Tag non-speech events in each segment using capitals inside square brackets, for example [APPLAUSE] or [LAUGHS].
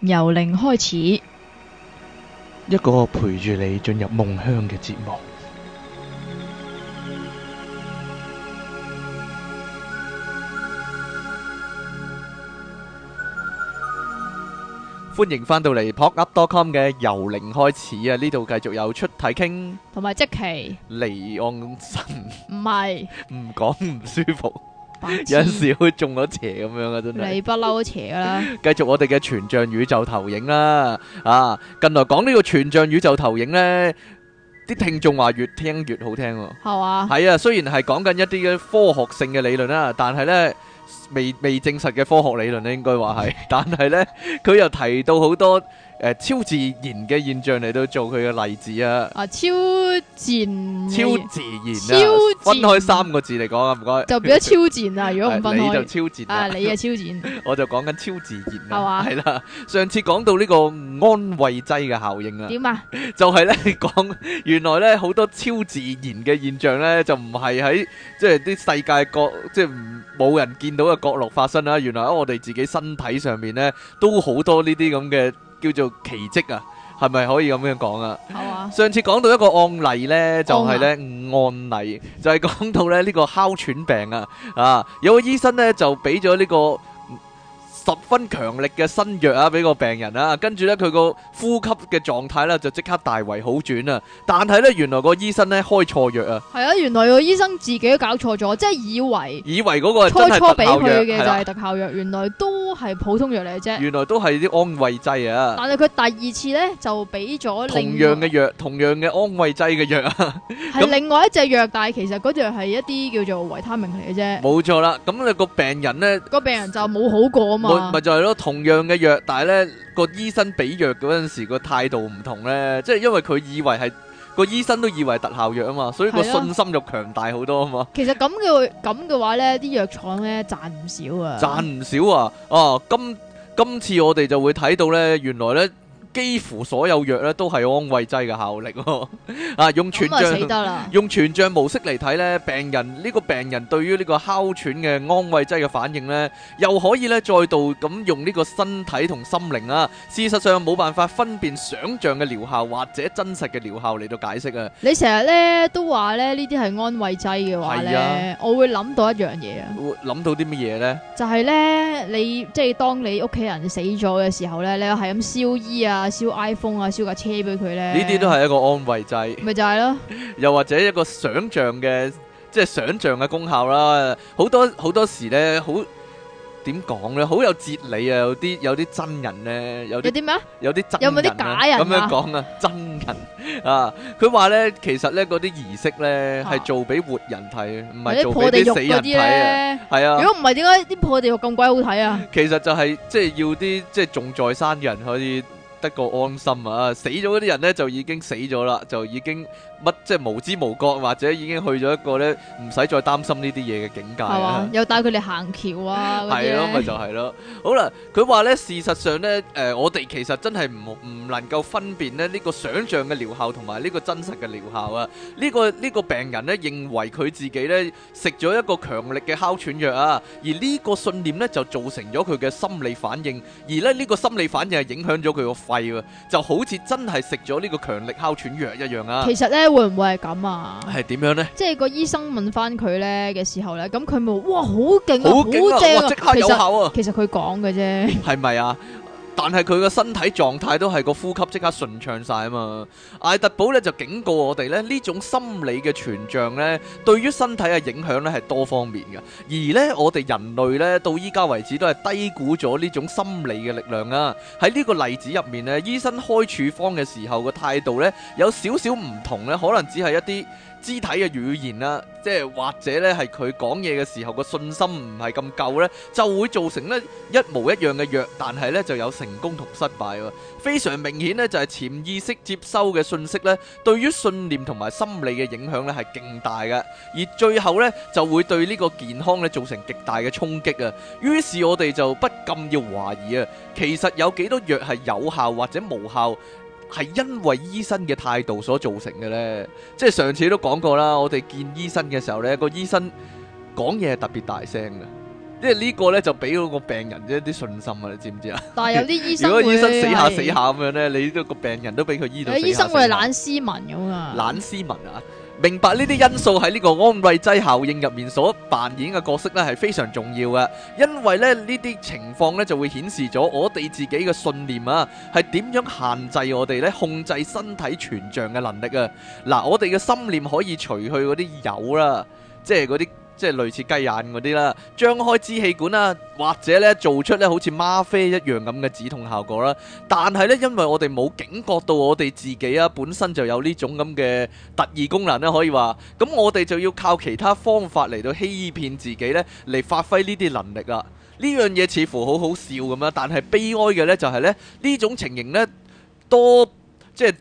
由零開始，一個陪住你進入夢鄉嘅節目。歡迎翻到嚟撲噏多 .com 嘅由零開始啊！呢度繼續有出體傾，同埋即期離岸神唔係唔講唔舒服。 [LAUGHS] 有陣時會中咗邪咁樣啊，真係你不嬲都邪啦！繼 [LAUGHS] 續我哋嘅全像宇宙投影啦，啊，近來講呢個全像宇宙投影呢，啲聽眾話越聽越好聽，係嘛，啊？啊，雖然係講緊一啲嘅科學性嘅理論啦，但係呢，未未證實嘅科學理論咧，應該話係，但係呢，佢又提到好多。誒，超自然嘅現象嚟到做佢嘅例子啊！啊，超自然，超自然啊！前分開三個字嚟講啊，唔該。就變咗超自然啊！如果唔分開，啊，你就超自然啊！你啊， [LAUGHS] 就超自然。我就講緊超自然啊！係嘛，係啦。上次講到呢個安慰劑嘅效應啊，點啊？就係咧，講原來咧好多超自然嘅現象咧，就唔係喺即係啲世界各，即係冇人見到嘅角落發生啦，啊。原來喺我哋自己身體上面咧，都好多呢啲咁嘅。叫做奇蹟啊，係咪可以咁樣講啊？好啊！上次講到一個案例呢，就係呢，嗯啊，案例，就係講到呢呢個哮喘病啊，啊有個醫生呢，就俾咗呢個。十分強力嘅新藥啊，俾個病人啊。跟住呢，佢個呼吸嘅狀態呢，就即刻大為好轉啊！但係呢，原來個醫生呢，開錯藥啊，係啊，原來個醫生自己都搞錯咗，即係以為以為嗰個初初俾佢嘅就係特效藥的，原來都係普通藥嚟嘅啫，原來都係啲安慰劑啊！但係佢第二次呢，就俾咗同樣嘅藥，同樣嘅安慰劑嘅藥，係 [LAUGHS] 那另外一隻藥，但係其實嗰隻係一啲叫做維他命嚟嘅啫，冇錯啦！咁、那、你個病人呢，個 [LAUGHS] 病人就冇好過啊嘛。咪就係咯，啊、同樣嘅藥，但係咧個醫生俾藥嗰陣時個態度唔同咧，即係因為佢以為係個醫生都以為特效藥啊嘛，所以個信心就強大好多啊嘛。其實咁嘅咁嘅話咧，啲藥廠咧賺唔少啊。賺唔少啊！哦，今今次我哋就會睇到咧，原來咧。幾乎所有藥咧都係安慰劑嘅效力咯，啊，用全像用全像模式嚟睇咧，病人呢個病人對於呢個哮喘嘅安慰劑嘅反應咧，又可以咧再度咁用呢個身體同心靈啊，事實上冇辦法分辨想象嘅療效或者真實嘅療效嚟到解釋啊。你成日咧都話咧呢啲係安慰劑嘅話咧，我會諗到一樣嘢啊，會諗到啲乜嘢咧？就係咧你即係當你屋企人死咗嘅時候咧，你又係咁燒衣啊！燒 iPhone 啊，燒架車俾佢咧，呢啲都係一個安慰劑，咪就係咯，又或者一個想象嘅，即係想象嘅功效啦。好多好多時咧，好點講咧，好有哲理啊！有啲有啲真人咧，有啲咩啊？有啲有冇啲假人咁樣講啊？真人啊！佢話咧，其實咧嗰啲儀式咧係做俾活人睇，唔係做俾啲死人睇啊！係啊！如果唔係，點解啲破地獄咁鬼好睇啊？其實就係即係要啲即係仲在生嘅人可以。一個安心啊！死咗嗰啲人咧就已經死咗啦，就已經乜即係無知無覺，或者已經去咗一個咧唔使再擔心呢啲嘢嘅境界啦。係嘛，又帶佢哋行橋啊？係咯，咪就係咯。好啦，佢話咧，事實上咧，誒，我哋其實真係唔唔能夠分辨咧呢個想象嘅療效同埋呢個真實嘅療效啊。呢個呢個病人咧認為佢自己咧食咗一個強力嘅哮喘藥啊，而呢個信念咧就造成咗佢嘅心理反應，而咧呢個心理反應係影響咗佢個反應。係，就好似真係食咗呢個強力哮喘藥一樣啊！其實咧，會唔會係咁啊？係點樣咧？即係個醫生問翻佢咧嘅時候咧，咁佢咪話：哇，好勁啊，好正啊，即刻有效啊！其實佢講嘅啫，係咪啊？但係佢個身體狀態都係個呼吸即刻順暢晒啊嘛！艾特寶咧就警告我哋咧，呢種心理嘅全像咧，對於身體嘅影響咧係多方面嘅。而呢，我哋人類咧到依家為止都係低估咗呢種心理嘅力量啦、啊。喺呢個例子入面咧，醫生開處方嘅時候嘅態度咧有少少唔同咧，可能只係一啲。肢體嘅語言啦，即係或者咧，係佢講嘢嘅時候個信心唔係咁夠呢，就會造成呢一模一樣嘅藥，但係呢就有成功同失敗喎。非常明顯呢就係潛意識接收嘅信息呢，對於信念同埋心理嘅影響呢係勁大嘅，而最後呢就會對呢個健康呢造成極大嘅衝擊啊。於是，我哋就不禁要懷疑啊，其實有幾多藥係有效或者無效？係因為醫生嘅態度所造成嘅咧，即係上次都講過啦。我哋見醫生嘅時候咧，個醫生講嘢係特別大聲嘅，即係呢個咧就俾到個病人一啲信心啊！你知唔知啊？但係有啲醫生 [LAUGHS] 如果醫生死下死下咁樣咧，的你呢個病人都俾佢醫到死下死下醫生會係懶斯文咁啊！懶斯文啊！明白呢啲因素喺呢個安慰劑效應入面所扮演嘅角色呢係非常重要嘅。因為咧呢啲情況呢就會顯示咗我哋自己嘅信念啊，係點樣限制我哋呢控制身體全像嘅能力啊。嗱，我哋嘅心念可以除去嗰啲有啦，即係嗰啲。即係類似雞眼嗰啲啦，張開支氣管啦，或者咧做出咧好似嗎啡一樣咁嘅止痛效果啦。但係咧，因為我哋冇警覺到我哋自己啊，本身就有呢種咁嘅特異功能咧，可以話。咁我哋就要靠其他方法嚟到欺騙自己咧，嚟發揮呢啲能力啦。呢樣嘢似乎好好笑咁樣，但係悲哀嘅咧就係咧呢種情形咧多即係。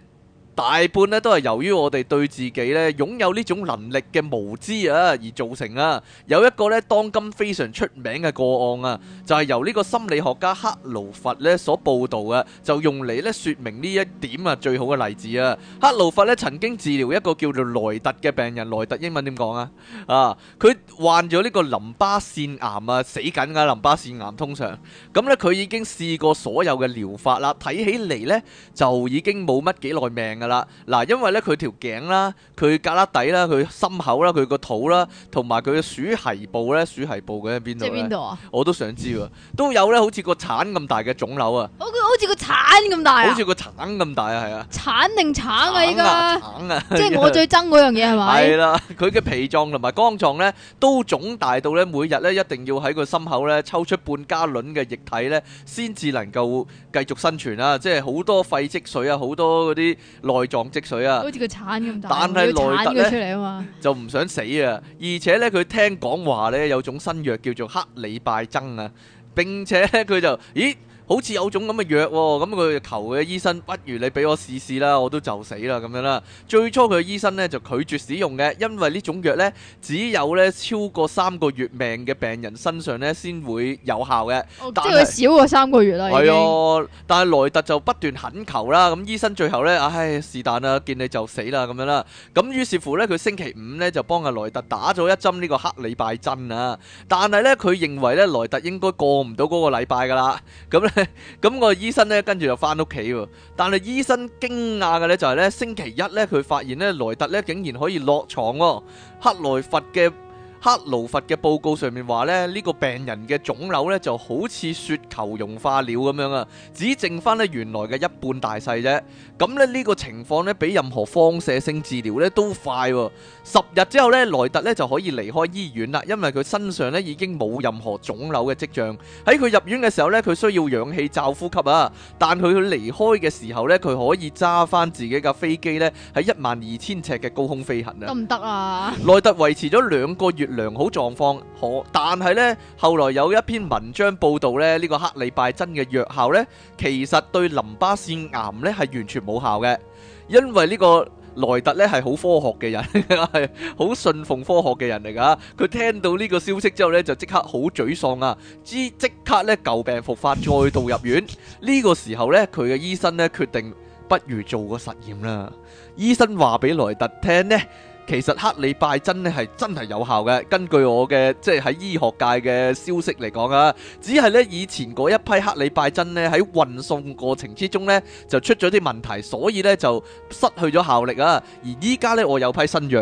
大半咧都係由於我哋對自己咧擁有呢種能力嘅無知啊，而造成啊。有一個咧當今非常出名嘅個案啊，就係由呢個心理學家克勞佛咧所報導嘅，就用嚟咧説明呢一點啊最好嘅例子啊。克勞佛咧曾經治療一個叫做萊特嘅病人，萊特英文點講啊？啊，佢患咗呢個淋巴腺癌啊，死緊噶，淋巴腺癌通常咁咧，佢已經試過所有嘅療法啦，睇起嚟咧就已經冇乜幾耐命啊。啦，嗱，因為咧佢條頸啦，佢隔甩底啦，佢心口啦，佢個肚啦，同埋佢嘅鼠蹊部咧，鼠蹊部嘅喺邊度咧？即係邊度啊？我都想知喎，都有咧，好似個橙咁大嘅腫瘤啊！好，好似個橙咁大啊！好似個橙咁大啊，係啊！橙定橙啊，依家！橙啊！即係我最憎嗰樣嘢係咪？係啦，佢嘅脾臟同埋肝臟咧都腫大到咧，每日咧一定要喺個心口咧抽出半加侖嘅液體咧，先至能夠繼續生存啊。即係好多肺積水啊，好多嗰啲。內臟積水啊，好似個鏟咁大，要鏟佢出嚟啊嘛，就唔想死啊！而且咧，佢聽講話咧，有種新藥叫做克里拜增啊，並且咧，佢就咦？好似有種咁嘅藥，咁、嗯、佢求嘅醫生，不如你俾我試試啦，我都就死啦咁樣啦。最初佢醫生呢就拒絕使用嘅，因為呢種藥呢，只有呢超過三個月命嘅病人身上呢先會有效嘅，哦。即係少過三個月啦。係哦、哎呦，但係萊特就不斷懇求啦，咁、嗯、醫生最後呢，唉是但啦，見你就死啦咁樣啦。咁、嗯、於是乎呢，佢星期五呢就幫阿萊特打咗一針呢個黑禮拜針啊。但係呢，佢認為呢，萊特應該過唔到嗰個禮拜噶啦，咁 [LAUGHS] 咁 [LAUGHS] 個醫生咧，跟住就翻屋企喎。但係醫生驚訝嘅咧，就係咧星期一咧，佢發現咧萊特咧竟然可以落床哦。克萊佛嘅。克魯佛嘅報告上面話咧，呢個病人嘅腫瘤咧就好似雪球融化了咁樣啊，只剩翻咧原來嘅一半大細啫。咁咧呢個情況咧，比任何放射性治療咧都快。十日之後咧，萊特咧就可以離開醫院啦，因為佢身上咧已經冇任何腫瘤嘅跡象。喺佢入院嘅時候咧，佢需要氧氣罩呼吸啊，但佢離開嘅時候咧，佢可以揸翻自己架飛機咧喺一萬二千尺嘅高空飛行，行，行啊。得唔得啊？萊特維持咗兩個月。良好狀況可，但係呢，後來有一篇文章報導呢，呢個克里拜真嘅藥效呢，其實對淋巴腺癌呢係完全冇效嘅，因為呢個萊特呢係好科學嘅人，係 [LAUGHS] 好信奉科學嘅人嚟噶。佢聽到呢個消息之後呢，就即刻好沮喪啊！之即刻呢舊病復發，再度入院。呢個時候呢，佢嘅醫生呢決定不如做個實驗啦。醫生話俾萊特聽呢。其實克里拜真咧係真係有效嘅，根據我嘅，即係喺醫學界嘅消息嚟講啊，只係咧以前嗰一批克里拜真咧喺運送過程之中咧就出咗啲問題，所以咧就失去咗效力啊。而依家咧我有批新藥，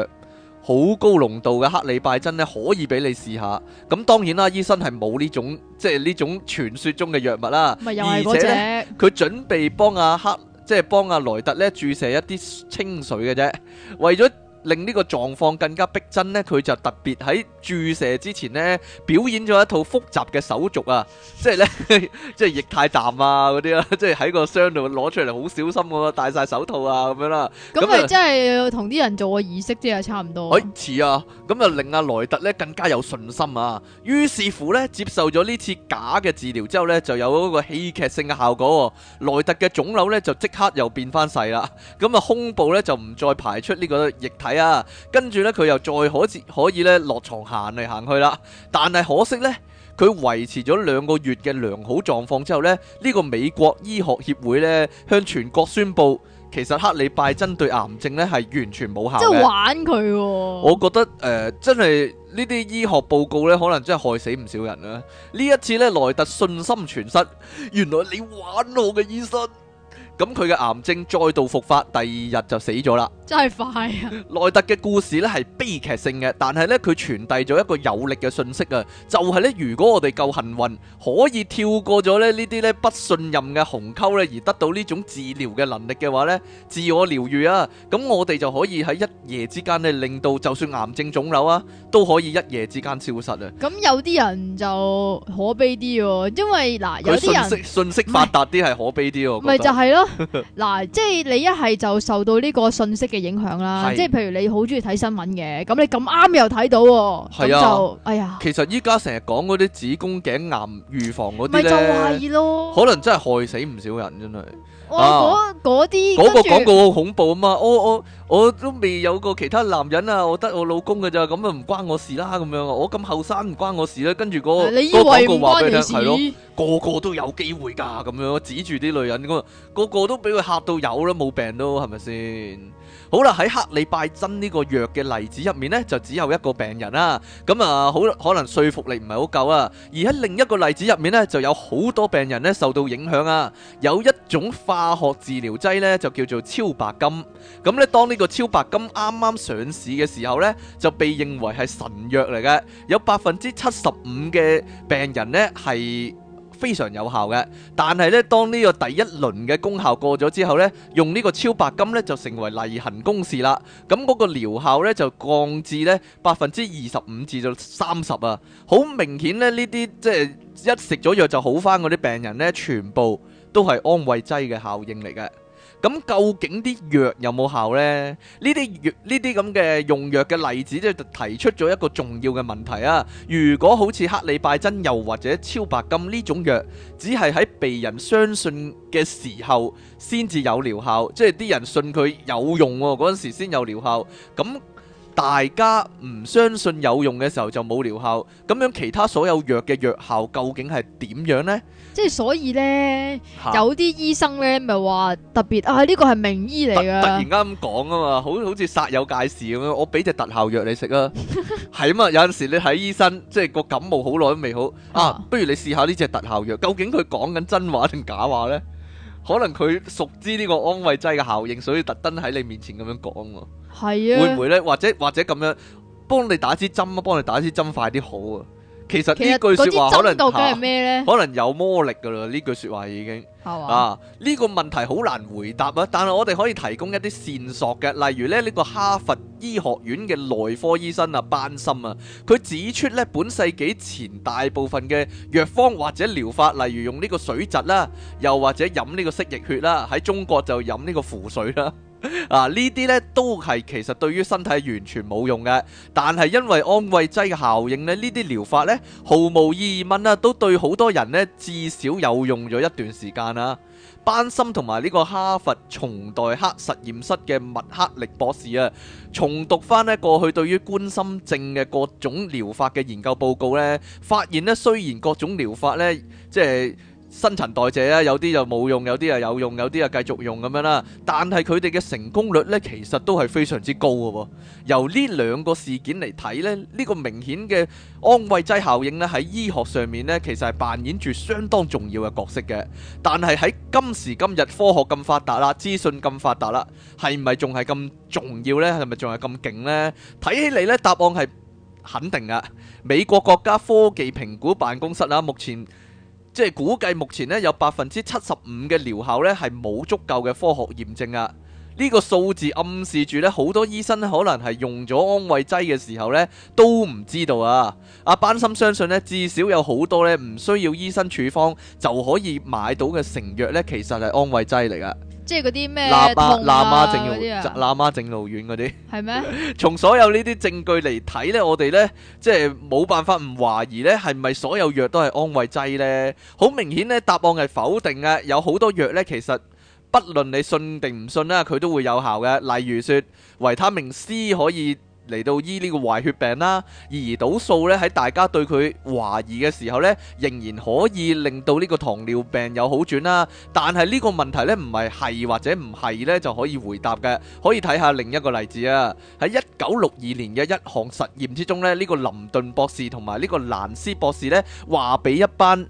好高濃度嘅克里拜真咧可以俾你試下。咁當然啦，醫生係冇呢種即係呢種傳說中嘅藥物啦。而且咧，佢種準備幫阿克即係幫阿萊特咧注射一啲清水嘅啫，為咗。令呢個狀況更加逼真呢，佢就特別喺注射之前呢，表演咗一套複雜嘅手續啊，即係呢， [LAUGHS] 即係液態氮啊嗰啲啦，即係喺個箱度攞出嚟，好小心喎、啊，戴晒手套啊咁樣啦、啊。咁咪真係同啲人做個儀式即、啊、係差唔多。係似、哎、啊，咁啊令阿萊特呢更加有信心啊。於是乎呢，接受咗呢次假嘅治療之後呢，就有嗰個戲劇性嘅效果、啊。萊特嘅腫瘤呢，就即刻又變翻細啦。咁啊，胸部呢，就唔再排出呢個液體。係啊，跟住咧，佢又再可以可以咧落床行嚟行去啦。但係可惜咧，佢維持咗兩個月嘅良好狀況之後咧，呢個美國醫學協會咧向全國宣布，其實克里拜針對癌症咧係完全冇效。即係玩佢喎，我覺得誒，真係呢啲醫學報告咧，可能真係害死唔少人啦。呢一次咧，萊特信心全失，原來你玩我嘅醫生。咁佢嘅癌症再度復發，第二日就死咗啦。真係快啊！內特嘅故事咧係悲劇性嘅，但係咧佢傳遞咗一個有力嘅信息啊，就係咧如果我哋夠幸運，可以跳過咗咧呢啲咧不信任嘅鴻溝咧，而得到呢種治療嘅能力嘅話咧，自我療愈啊，咁我哋就可以喺一夜之間咧令到就算癌症腫瘤啊都可以一夜之間消失啊！咁有啲人就可悲啲喎，因為嗱有啲人信息發達啲係可悲啲喎，咪就係咯，嗱即係你一係就受到呢個信息。嘅影響啦，即係譬如你好中意睇新聞嘅，咁你咁啱又睇到，係啊，咁就哎呀，其實依家成日講嗰啲子宮頸癌預防嗰啲咧，咪就係咯，可能真係害死唔少人真係。哇，嗰嗰啲，嗰個廣告好恐怖啊嘛！我我我都未有過其他男人啊，我得我老公㗎咋，咁啊唔關我事啦咁樣啊，我咁後生唔關我事啦。跟住個個廣告話俾你聽係咯，個個都有機會㗎咁樣，指住啲女人咁啊，個個都俾佢嚇到有啦，冇病都係咪先？好啦，喺克里拜真呢個藥嘅例子入面呢，就只有一個病人啦，啊。咁啊，好可能說服力唔係好夠啊。而喺另一個例子入面呢，就有好多病人呢受到影響啊。有一種化學治療劑呢，就叫做超白金。咁呢，當呢個超白金啱啱上市嘅時候呢，就被認為係神藥嚟嘅，有百分之七十五嘅病人呢係。非常有效嘅，但係咧，當呢個第一輪嘅功效過咗之後呢，用呢個超白金呢，就成為例行公事啦。咁嗰個療效呢就降至呢百分之二十五至到三十啊。好明顯咧，呢啲即係一食咗藥就好翻嗰啲病人呢，全部都係安慰劑嘅效應嚟嘅。咁究竟啲藥有冇效呢？呢啲藥呢啲咁嘅用藥嘅例子，即係提出咗一個重要嘅問題啊！如果好似克里拜真又或者超白金呢種藥，只係喺被人相信嘅時候先至有療效，即係啲人信佢有用喎、哦，嗰陣時先有療效咁。大家唔相信有用嘅時候就冇療效，咁樣其他所有藥嘅藥效究竟係點樣呢？即係所以呢，啊、有啲醫生呢咪話特別啊呢個係名醫嚟㗎，突然間咁講啊嘛，好好似煞有介事咁樣。我俾隻特效藥你食啊，係啊嘛。有陣時你睇醫生，即係個感冒好耐都未好啊，不如你試下呢隻特效藥。究竟佢講緊真話定假話呢？可能佢熟知呢個安慰劑嘅效應，所以特登喺你面前咁樣講。會唔會呢？或者或者咁樣，幫你打支針啊，幫你打支針快啲好啊。其實呢句說話可能吓、啊，可能有魔力噶啦。呢句說話已經嗎啊，呢、這個問題好難回答啊。但係我哋可以提供一啲線索嘅，例如咧呢、這個哈佛醫學院嘅內科醫生啊班森啊，佢指出呢本世紀前大部分嘅藥方或者療法，例如用呢個水蛭啦、啊，又或者飲呢個蜥蜴血啦、啊，喺中國就飲呢個符水啦、啊。啊！呢啲咧都係其實對於身體完全冇用嘅，但係因為安慰劑嘅效應咧，呢啲療法呢，毫無疑問啦、啊，都對好多人呢，至少有用咗一段時間啦、啊。班森同埋呢個哈佛松代克實驗室嘅麥克力博士啊，重讀翻咧過去對於冠心症嘅各種療法嘅研究報告呢，發現呢，雖然各種療法呢，即係。新陳代謝啦，有啲就冇用，有啲啊有用，有啲啊繼續用咁樣啦。但係佢哋嘅成功率呢，其實都係非常之高嘅。由呢兩個事件嚟睇呢，呢個明顯嘅安慰劑效應呢，喺醫學上面呢，其實係扮演住相當重要嘅角色嘅。但係喺今時今日科學咁發達啦，資訊咁發達啦，係咪仲係咁重要呢？係咪仲係咁勁呢？睇起嚟呢，答案係肯定嘅。美國國家科技評估辦公室啦，目前。即係估計目前咧有百分之七十五嘅療效咧係冇足夠嘅科學驗證啊！呢個數字暗示住咧好多醫生可能係用咗安慰劑嘅時候呢都唔知道啊！阿班森相信咧至少有好多咧唔需要醫生處方就可以買到嘅成藥呢，其實係安慰劑嚟噶。即係嗰啲咩喇嘛叭、啊、喇嘛正路喇嘛正路院嗰啲係咩？從嗎 [LAUGHS] 所有呢啲證據嚟睇，咧，我哋咧即係冇辦法唔懷疑咧，係咪所有藥都係安慰劑咧？好明顯咧，答案係否定嘅。有好多藥咧，其實不論你信定唔信啦，佢都會有效嘅。例如說，維他命 C 可以。嚟到醫呢個壞血病啦，胰島素咧喺大家對佢懷疑嘅時候咧，仍然可以令到呢個糖尿病有好轉啦。但係呢個問題咧，唔係係或者唔係咧就可以回答嘅。可以睇下另一個例子啊。喺一九六二年嘅一項實驗之中咧，呢、這個林頓博士同埋呢個蘭斯博士咧話俾一班。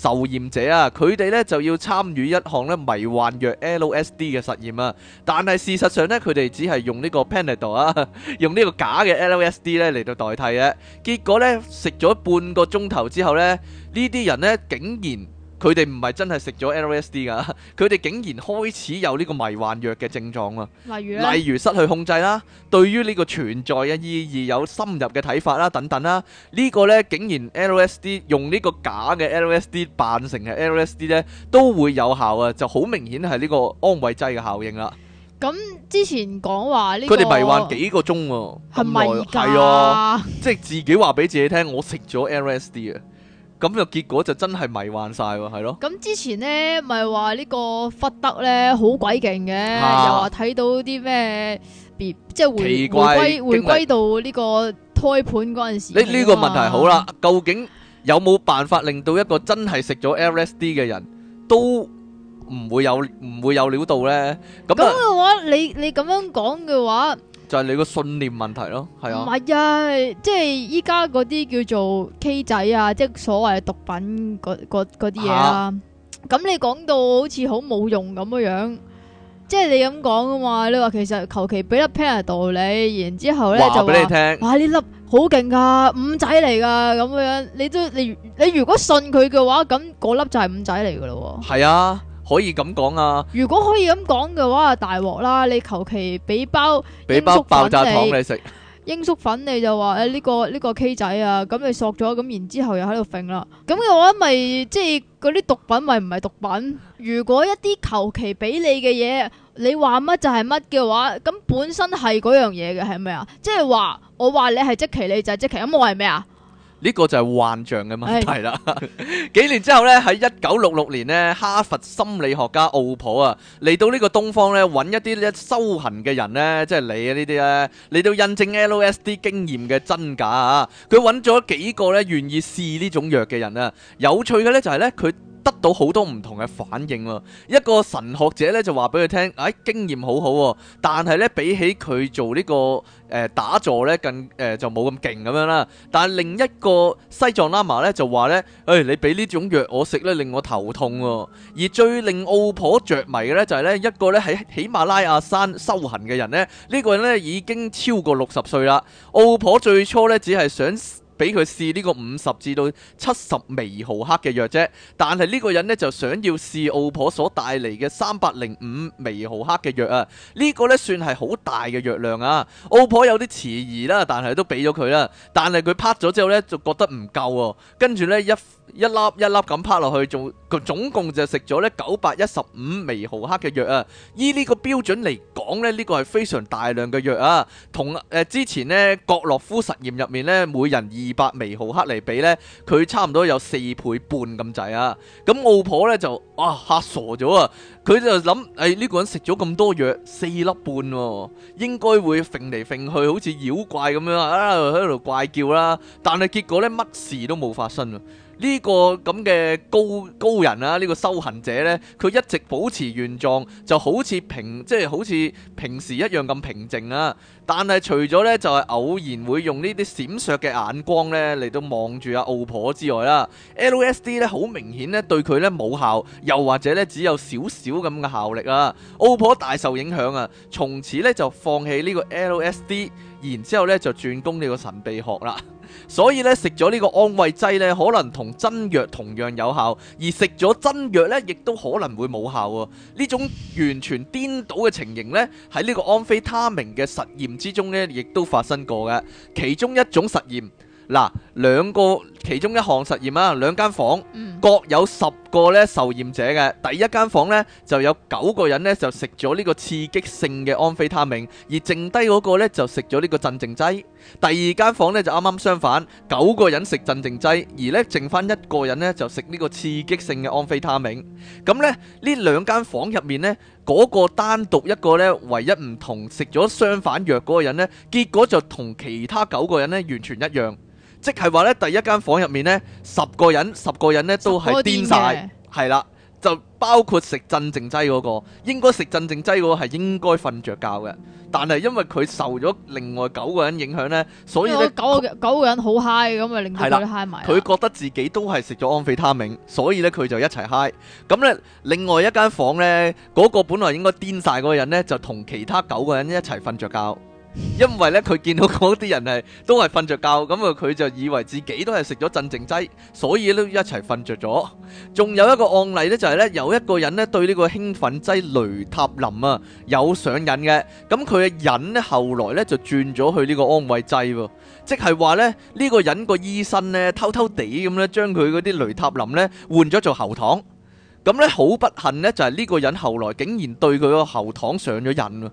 受驗者啊，佢哋咧就要參與一項咧迷幻藥 LSD 嘅實驗啊，但係事實上咧，佢哋只係用呢個 Panadol 啊，用呢個假嘅 LSD 咧嚟到代替嘅。結果咧，食咗半個鐘頭之後咧，呢啲人咧竟然～佢哋唔係真係食咗 LSD 噶，佢哋竟然開始有呢個迷幻藥嘅症狀啊！例如，例如失去控制啦，對於呢個存在嘅意義有深入嘅睇法啦，等等啦，呢、呢個呢，竟然 LSD 用呢個假嘅 LSD 扮成嘅 LSD 呢，都會有效啊！就好明顯係呢個安慰劑嘅效應啦。咁之前講話呢、呢個，佢哋迷幻幾個鐘喎、啊，咁耐係啊，即係自己話俾自己聽，我食咗 LSD 啊！咁又結果就真係迷幻曬喎，係咯。咁之前咧，咪話呢個忽德咧好鬼勁嘅，又話睇到啲咩別，即係回歸回歸到呢個胎盤嗰陣時。你呢個問題好啦，究竟有冇辦法令到一個真係食咗 LSD 嘅人都唔會有唔會有料到咧？咁咁嘅話，你你咁樣講嘅話？就係你個信念問題咯，係啊，唔係啊，即係依家嗰啲叫做 K 仔啊，即係所謂毒品嗰啲嘢啊，咁、啊、你講到好似好冇用咁樣樣，即係你咁講啊嘛，你話其實求其俾粒 pair 道理，然之後咧就話俾你聽，哇呢粒好勁噶，五仔嚟噶，咁樣你都你你如果信佢嘅話，咁嗰粒就係五仔嚟噶咯，係啊。可以咁講啊！如果可以咁講嘅話，大鑊啦！你求其俾包俾包爆炸糖你食，罌粟粉你就話誒呢個呢個 K 仔啊，咁你索咗，咁然之後又喺度揈啦，咁嘅話咪即係嗰啲毒品咪唔係毒品？如果一啲求其俾你嘅嘢，你話乜就係乜嘅話，咁本身係嗰樣嘢嘅係咪啊？即係話我話你係即其，你就係即其，咁我係咩啊？呢個就係幻象嘅問題啦。 [LAUGHS] 幾年之後呢，喺一九六六年呢，哈佛心理學家奧普啊嚟到呢個東方呢，揾一啲呢修行嘅人呢，即係你啊呢啲啊，嚟到印證 LSD 經驗嘅真假啊。佢揾咗幾個呢願意試呢種藥嘅人啊。有趣嘅呢，呢，就係呢。佢。得到好多唔同嘅反應喎，一個神學者咧就話俾佢聽，誒、哎、經驗好好喎，但係咧比起佢做呢、呢個誒、呃、打坐咧，更誒、呃、就冇咁勁咁樣啦。但係另一個西藏喇嘛咧就話咧，誒、哎、你俾呢種藥我食咧，令我頭痛喎、啊。而最令澳婆着迷嘅咧就係咧一個咧喺喜馬拉雅山修行嘅人咧，呢個、人呢個咧已經超過六十歲啦。澳婆最初咧只係想，俾佢試呢個五十至到七十微毫克嘅藥啫，但係呢個人呢，就想要試澳婆所帶嚟嘅三百零五微毫克嘅藥啊！呢個呢，算係好大嘅藥量啊！澳婆有啲遲疑啦，但係都俾咗佢啦。但係佢拍咗之後呢，就覺得唔夠喎、啊。跟住呢，一一粒一粒咁拍落去，仲個總共就食咗呢九百一十五微毫克嘅藥啊！依呢個標準嚟講呢，呢個係非常大量嘅藥啊！同誒、呃、之前呢，葛洛夫實驗入面呢，每人二二百微毫克嚟比咧，佢差唔多有四倍半咁滯啊！咁澳婆咧就哇吓傻咗啊！佢就諗誒，呢個人食咗咁多藥，四粒半、哦，應該會揈嚟揈去，好似妖怪咁樣啊，喺度怪叫啦！但係結果咧，乜事都冇發生啊！呢個咁嘅高高人啊，呢個修行者呢，佢一直保持原狀，就好似平，即係好似平時一樣咁平靜啊。但係除咗呢，就係偶然會用呢啲閃爍嘅眼光呢嚟到望住阿奧婆之外啦，LSD 呢，好明顯呢對佢呢冇效，又或者呢只有少少咁嘅效力啊。奧婆大受影響啊，從此呢就放棄呢個 LSD。然之後咧就轉攻呢個神秘學啦，所以咧食咗呢個安慰劑咧，可能同真藥同樣有效，而食咗真藥咧，亦都可能會冇效喎。呢種完全顛倒嘅情形咧，喺呢個安非他命嘅實驗之中咧，亦都發生過嘅。其中一種實驗。嗱，兩個其中一項實驗啊，兩間房各有十個咧受驗者嘅。第一間房呢，就有九個人呢就食咗呢個刺激性嘅安非他命，而剩低嗰個咧就食咗呢個鎮靜劑。第二間房呢，就啱啱相反，九個人食鎮靜劑，而呢剩翻一個人呢就食呢個刺激性嘅安非他命。咁呢，呢兩間房入面呢，嗰個單獨一個呢唯一唔同，食咗相反藥嗰個人呢，結果就同其他九個人呢完全一樣。即係話咧，第一間房入面呢，十個人十個人呢都係癲晒，係啦，就的包括食鎮靜劑嗰個，應該食鎮靜劑嗰個係應該瞓着覺嘅，但係因為佢受咗另外九個人影響呢，所以咧九,他九個人好嗨咁啊，令到佢 high 埋。佢覺得自己都係食咗安非他命，所以呢，佢就一齊嗨。咁呢，另外一間房間呢，嗰、嗰個本來應該癲晒嗰個人呢，就同其他九個人一齊瞓着覺。因為咧，佢見到嗰啲人係都係瞓着覺，咁啊，佢就以為自己都係食咗鎮靜劑，所以都一齊瞓着咗。仲有一個案例呢，就係咧，有一個人咧，對呢個興奮劑雷塔林啊有上癮嘅，咁佢嘅癮咧後來咧就轉咗去呢個安慰劑，即係話咧，呢個人個醫生咧偷偷地咁咧將佢嗰啲雷塔林咧換咗做喉糖，咁呢，好不幸呢，就係呢個人後來竟然對佢個喉糖上咗癮。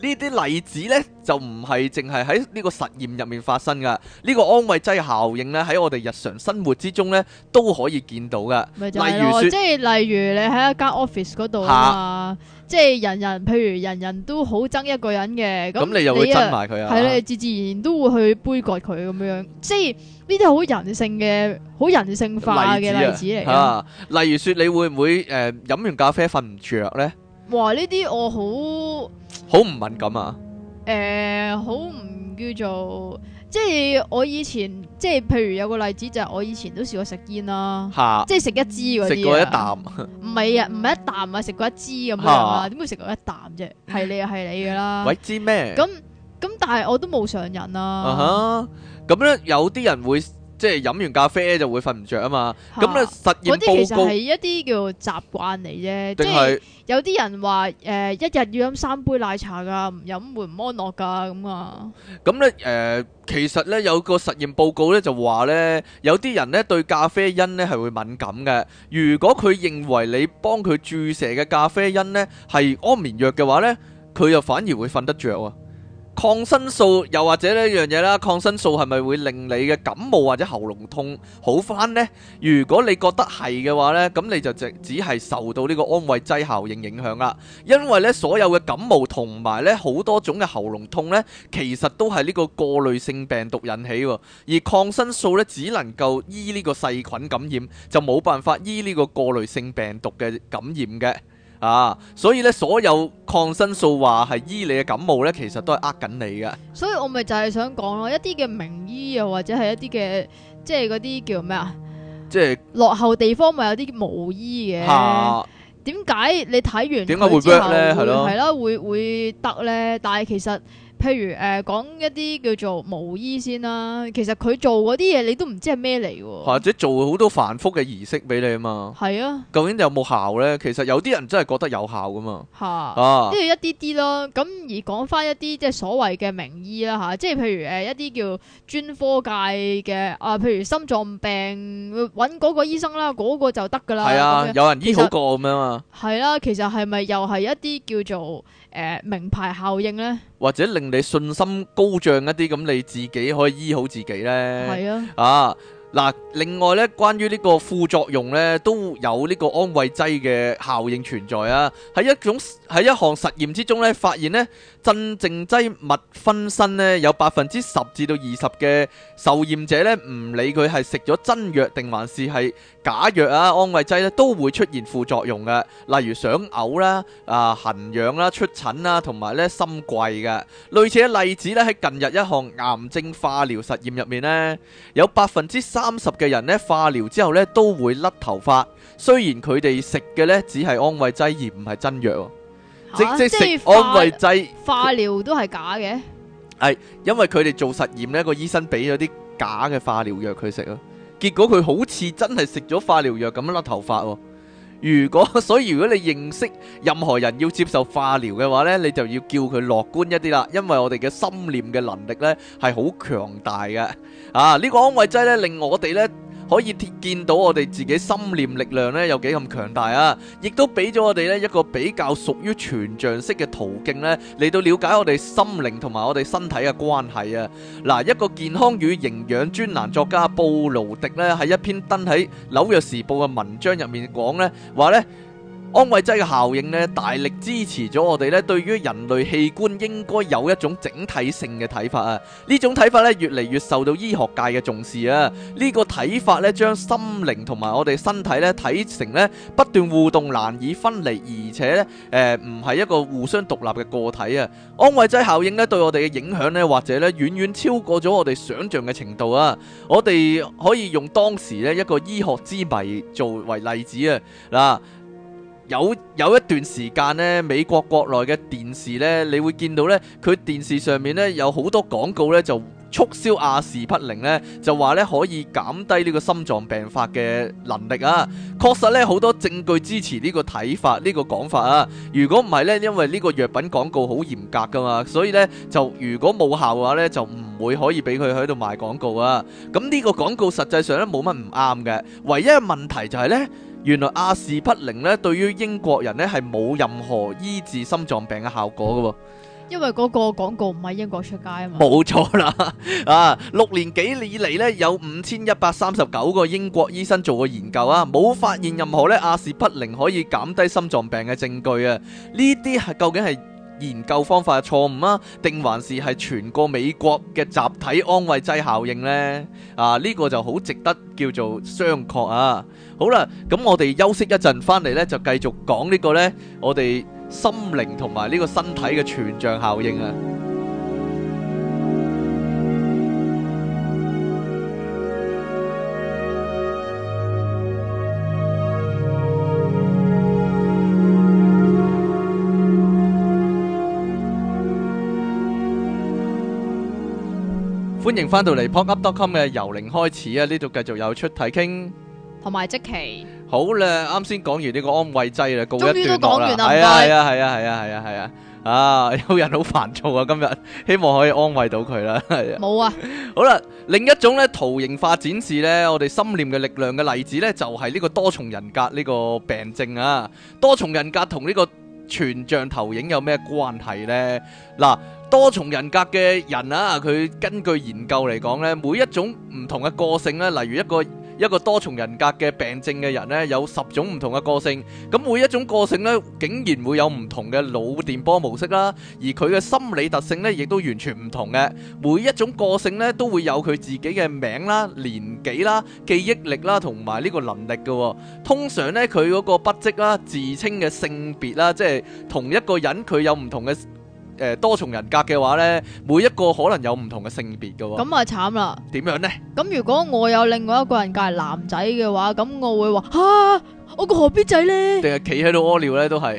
呢啲例子呢，就唔係淨係喺呢個實驗入面發生噶，呢、這個安慰劑效應呢，喺我哋日常生活之中呢，都可以見到噶。例如，即係例如你喺一間 office 嗰度、啊啊、即係人人，譬如人人都好憎一個人嘅，咁、啊、你又會憎埋佢啊？係你自自然然都會去杯葛佢咁樣，即係呢啲好人性嘅、好人性化嘅例子嚟、啊啊。例如說，你會唔會誒飲、呃、完咖啡瞓唔着呢？哇！呢啲我好。好唔敏感啊？誒、呃，好唔叫做即係，我以前即係譬如有個例子就係我以前都試過食煙啦，即係食一支嗰啲，食過一啖。唔係啊，唔係一啖啊，食過一支咁樣啊，點會食過一啖啫？係你啊，係你噶啦。喂，知咩？咁咁但係我都冇上癮啊。咁咧有啲人會。即係飲完咖啡就會瞓唔着啊嘛，咁咧哈、嗯、實驗報告其實係一啲叫習慣嚟啫。定係是是有啲人話誒、呃，一日要飲三杯奶茶㗎，唔飲會唔安樂㗎咁啊。咁咧誒，其實咧有個實驗報告咧就話咧，有啲人咧對咖啡因咧係會敏感嘅。如果佢認為你幫佢注射嘅咖啡因咧係安眠藥嘅話咧，佢又反而會瞓得着啊。抗生素又或者呢樣嘢啦，抗生素係咪會令你嘅感冒或者喉嚨痛好翻呢？如果你覺得係嘅話呢，咁你就只只係受到呢個安慰劑效應影響啦。因為呢，所有嘅感冒同埋呢好多種嘅喉嚨痛呢，其實都係呢個過濾性病毒引起，而抗生素呢，只能夠醫呢個細菌感染，就冇辦法醫呢個過濾性病毒嘅感染嘅。啊，所以咧，所有抗生素話係醫你嘅感冒咧，其實都係呃緊你嘅。所以我咪就係想講咯，一啲嘅名醫又或者係一啲嘅，即係嗰啲叫咩啊？即係是落後地方咪有啲毛醫嘅。吓、啊，點解你睇完點解會得咧？係會咯，係咯咯，會會得咧，但係其實。譬如誒講一啲叫做巫醫先啦，其實佢做嗰啲嘢你都唔知係咩嚟喎。或者做好多繁複嘅儀式俾你啊嘛。係啊，究竟有冇效咧？其實有啲人真係覺得有效噶嘛。嚇啊，呢啲、啊、一啲啲咯。咁而講翻一啲即係所謂嘅名醫啦嚇、啊，即係譬如誒一啲叫專科界嘅啊，譬如心臟病揾嗰個醫生啦，嗰、嗰個就得㗎啦。係啊，實有人醫好過咁樣啊。係啦，其實係咪又係一啲叫做？呃、名牌效應呢，或者令你信心高漲一啲，咁你自己可以醫好自己呢？係啊！啊嗱，另外咧，關於呢個副作用咧，都有呢個安慰劑嘅效應存在啊。喺一種喺一項實驗之中咧，發現呢，鎮靜劑物分身呢，有百分之十至到二十嘅受驗者咧，唔理佢係食咗真藥定還是係假藥啊，安慰劑咧，都會出現副作用嘅，例如想嘔啦、啊、啊痕癢啦、出疹啦、啊，同埋咧心悸嘅。類似嘅例子咧，喺近日一項癌症化療實驗入面呢，有百分之三三十嘅人咧，化療之後咧都會甩頭髮，雖然佢哋食嘅咧只係安慰劑而唔係真藥，啊、即即食安慰劑，化療都係假嘅。係因為佢哋做實驗呢個醫生俾咗啲假嘅化療藥佢食咯，結果佢好似真係食咗化療藥咁樣甩頭髮。如果，所以如果你認識任何人要接受化療嘅話呢，你就要叫佢樂觀一啲啦，因為我哋嘅心念嘅能力呢係好強大嘅啊！呢個安慰劑呢，令我哋呢。可以見到我哋自己心念力量咧有幾咁強大啊！亦都俾咗我哋咧一個比較屬於全像式嘅途徑咧嚟到了解我哋心靈同埋我哋身體嘅關係啊！嗱，一個健康與營養專欄作家布魯迪咧喺一篇登喺紐約時報嘅文章入面講咧話咧。安慰劑嘅效應呢，大力支持咗我哋咧，對於人類器官應該有一種整體性嘅睇法啊！呢種睇法呢，越嚟越受到醫學界嘅重視啊！呢個睇法呢，將心靈同埋我哋身體呢，睇成咧不斷互動、難以分離，而且呢，誒唔係一個互相獨立嘅個體啊！安慰劑效應呢，對我哋嘅影響呢，或者呢，遠遠超過咗我哋想象嘅程度啊！我哋可以用當時呢一個醫學之謎作為例子啊！嗱。有有一段時間咧，美國國內嘅電視咧，你會見到咧，佢電視上面咧有好多廣告咧，就促銷阿士匹靈咧，就話咧可以減低呢個心臟病發嘅能力啊。確實咧，好多證據支持呢個睇法，呢個講法啊。如果唔係咧，因為呢個藥品廣告好嚴格噶嘛，所以咧就如果冇效嘅話咧，就唔會可以俾佢喺度賣廣告啊。咁呢個廣告實際上咧冇乜唔啱嘅，唯一問題就係呢。原來阿士匹靈咧，對於英國人咧係冇任何醫治心臟病嘅效果噶，因為嗰個廣告唔係英國出街啊。冇錯啦，啊，六年幾年以嚟咧，有五千一百三十九個英國醫生做過研究啊，冇發現任何咧阿士匹靈可以減低心臟病嘅證據啊。呢啲係究竟係研究方法嘅錯誤啊，定還是係全個美國嘅集體安慰劑效應呢？啊，呢個就好值得叫做商榷啊。好啦，咁我哋休息一陣，翻嚟咧就繼續講呢個咧，我哋心靈同埋呢個身體嘅全像效應啊！歡迎翻到嚟 popup.com 嘅由零開始啊！呢度繼續有出體傾。同埋即期好啦，啱先講完呢個安慰劑啦，終於都講完啦，係啊係啊係啊係啊係啊，啊，啊有人好煩躁啊，今日希望可以安慰到佢啦，係啊冇啊，啊 [LAUGHS] 好啦，另一種咧圖形化展示咧，我哋心念嘅力量嘅例子咧，就係、是、呢個多重人格呢個病症啊，多重人格同呢個全像投影有咩關係咧？嗱。多重人格嘅人啊，佢根據研究嚟講咧，每一種唔同嘅個性咧，例如一個一個多重人格嘅病症嘅人咧，有十種唔同嘅個性。咁每一種個性咧，竟然會有唔同嘅腦電波模式啦，而佢嘅心理特性咧，亦都完全唔同嘅。每一種個性咧，都會有佢自己嘅名啦、年紀啦、記憶力啦，同埋呢個能力嘅。通常咧，佢嗰個筆跡啦、自稱嘅性別啦，即係同一個人佢有唔同嘅。誒多重人格嘅話咧，每一個可能有唔同嘅性別㗎喎，咁啊慘啦！點樣咧？咁如果我有另外一個人格係男仔嘅話，咁我會話嚇。啊我個何必仔呢？定係企喺度屙尿咧，都係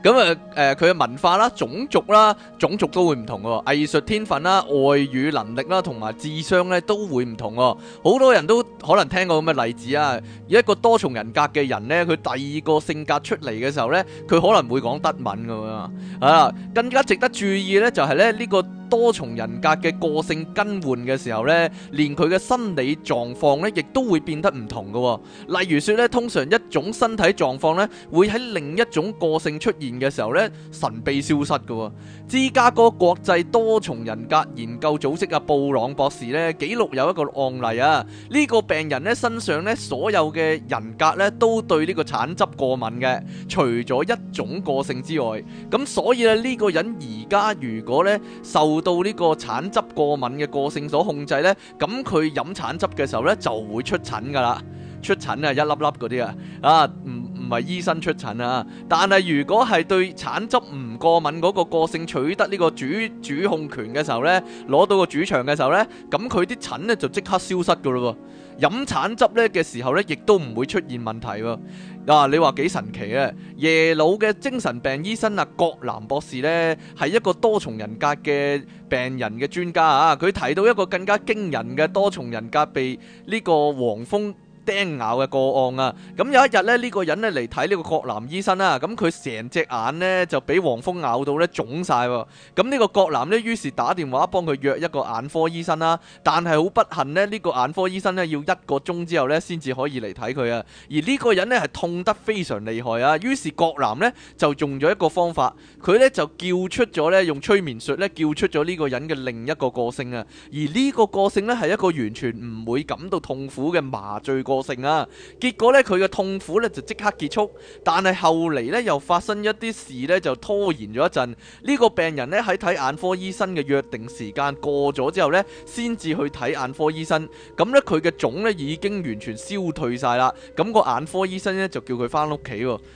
咁啊！誒、呃，佢嘅文化啦、種族啦、種族都會唔同嘅，藝術天分啦、外語能力啦、同埋智商咧都會唔同。好多人都可能聽過咁嘅例子啊！一個多重人格嘅人咧，佢第二個性格出嚟嘅時候咧，佢可能會講德文咁樣。啊，更加值得注意咧，就係咧呢個多重人格嘅個性更換嘅時候咧，連佢嘅心理狀況咧，亦都會變得唔同嘅。例如說咧，通常一種種身體狀況咧，會喺另一種個性出現嘅時候咧，神秘消失嘅。芝加哥國際多重人格研究組織啊，布朗博士咧，記錄有一個案例啊，呢、這個病人咧身上咧所有嘅人格咧，都對呢個橙汁過敏嘅，除咗一種個性之外，咁所以咧呢個人而家如果咧受到呢個橙汁過敏嘅個性所控制咧，咁佢飲橙汁嘅時候咧就會出疹噶啦。出疹啊，一粒粒嗰啲啊，啊唔唔係醫生出疹啊，但係如果係對橙汁唔過敏嗰個個性取得呢個主控權嘅時候呢，攞到個主場嘅時候呢，咁佢啲疹呢就即刻消失噶咯喎，飲橙汁呢嘅時候呢，亦都唔會出現問題喎。啊啊。你話幾神奇啊？耶魯嘅精神病醫生啊，郭南博士呢，係一個多重人格嘅病人嘅專家啊，佢提到一個更加驚人嘅多重人格被呢個黃蜂叮咬嘅個案啊，咁有一日呢，呢個人呢嚟睇呢個郭南醫生啦、啊，咁佢成隻眼呢，就俾黃蜂咬到呢，腫晒喎，咁呢個郭南呢，於是打電話幫佢約一個眼科醫生啦、啊，但係好不幸呢，呢個眼科醫生呢，要一個鐘之後呢，先至可以嚟睇佢啊，而呢個人呢，係痛得非常厲害啊，於是郭南呢，就用咗一個方法，佢呢，就叫出咗呢，用催眠術呢，叫出咗呢個人嘅另一個個性啊，而呢個個性呢，係一個完全唔會感到痛苦嘅麻醉個性啊，結果咧佢嘅痛苦咧就即刻結束，但係後嚟咧又發生一啲事咧就拖延咗一陣。呢個病人咧喺睇眼科醫生嘅約定時間過咗之後咧，先至去睇眼科醫生。咁咧佢嘅腫咧已經完全消退晒啦。咁個眼科醫生咧就叫佢翻屋企。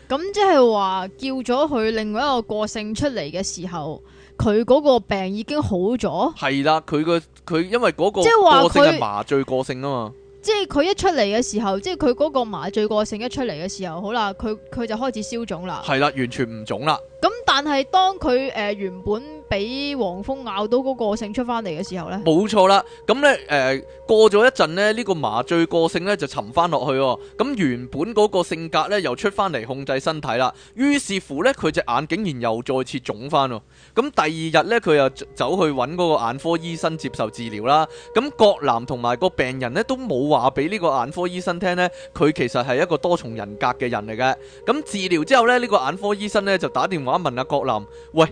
咁即係話叫咗佢另外一個個性出嚟嘅時候，佢嗰個病已經好咗？係啦，佢個佢因為嗰個個性係麻醉個性啊嘛。即係佢一出嚟嘅時候，即係佢嗰個麻醉過性一出嚟嘅時候，好啦，佢佢就開始消腫啦。係啦，完全唔腫啦。咁但係當佢誒原本。俾黃蜂咬到嗰個性出翻嚟嘅時候呢，冇錯啦。咁、嗯、呢，誒過咗一陣呢，呢、這個麻醉個性呢，就沉翻落去。咁原本嗰個性格呢，又出翻嚟控制身體啦。於是乎呢，佢隻眼竟然又再次腫翻。咁第二日呢，佢又走去揾嗰個眼科醫生接受治療啦。咁郭南同埋個病人呢，都冇話俾呢個眼科醫生聽呢。佢其實係一個多重人格嘅人嚟嘅。咁治療之後呢，呢、這個眼科醫生呢，就打電話問阿郭南：喂，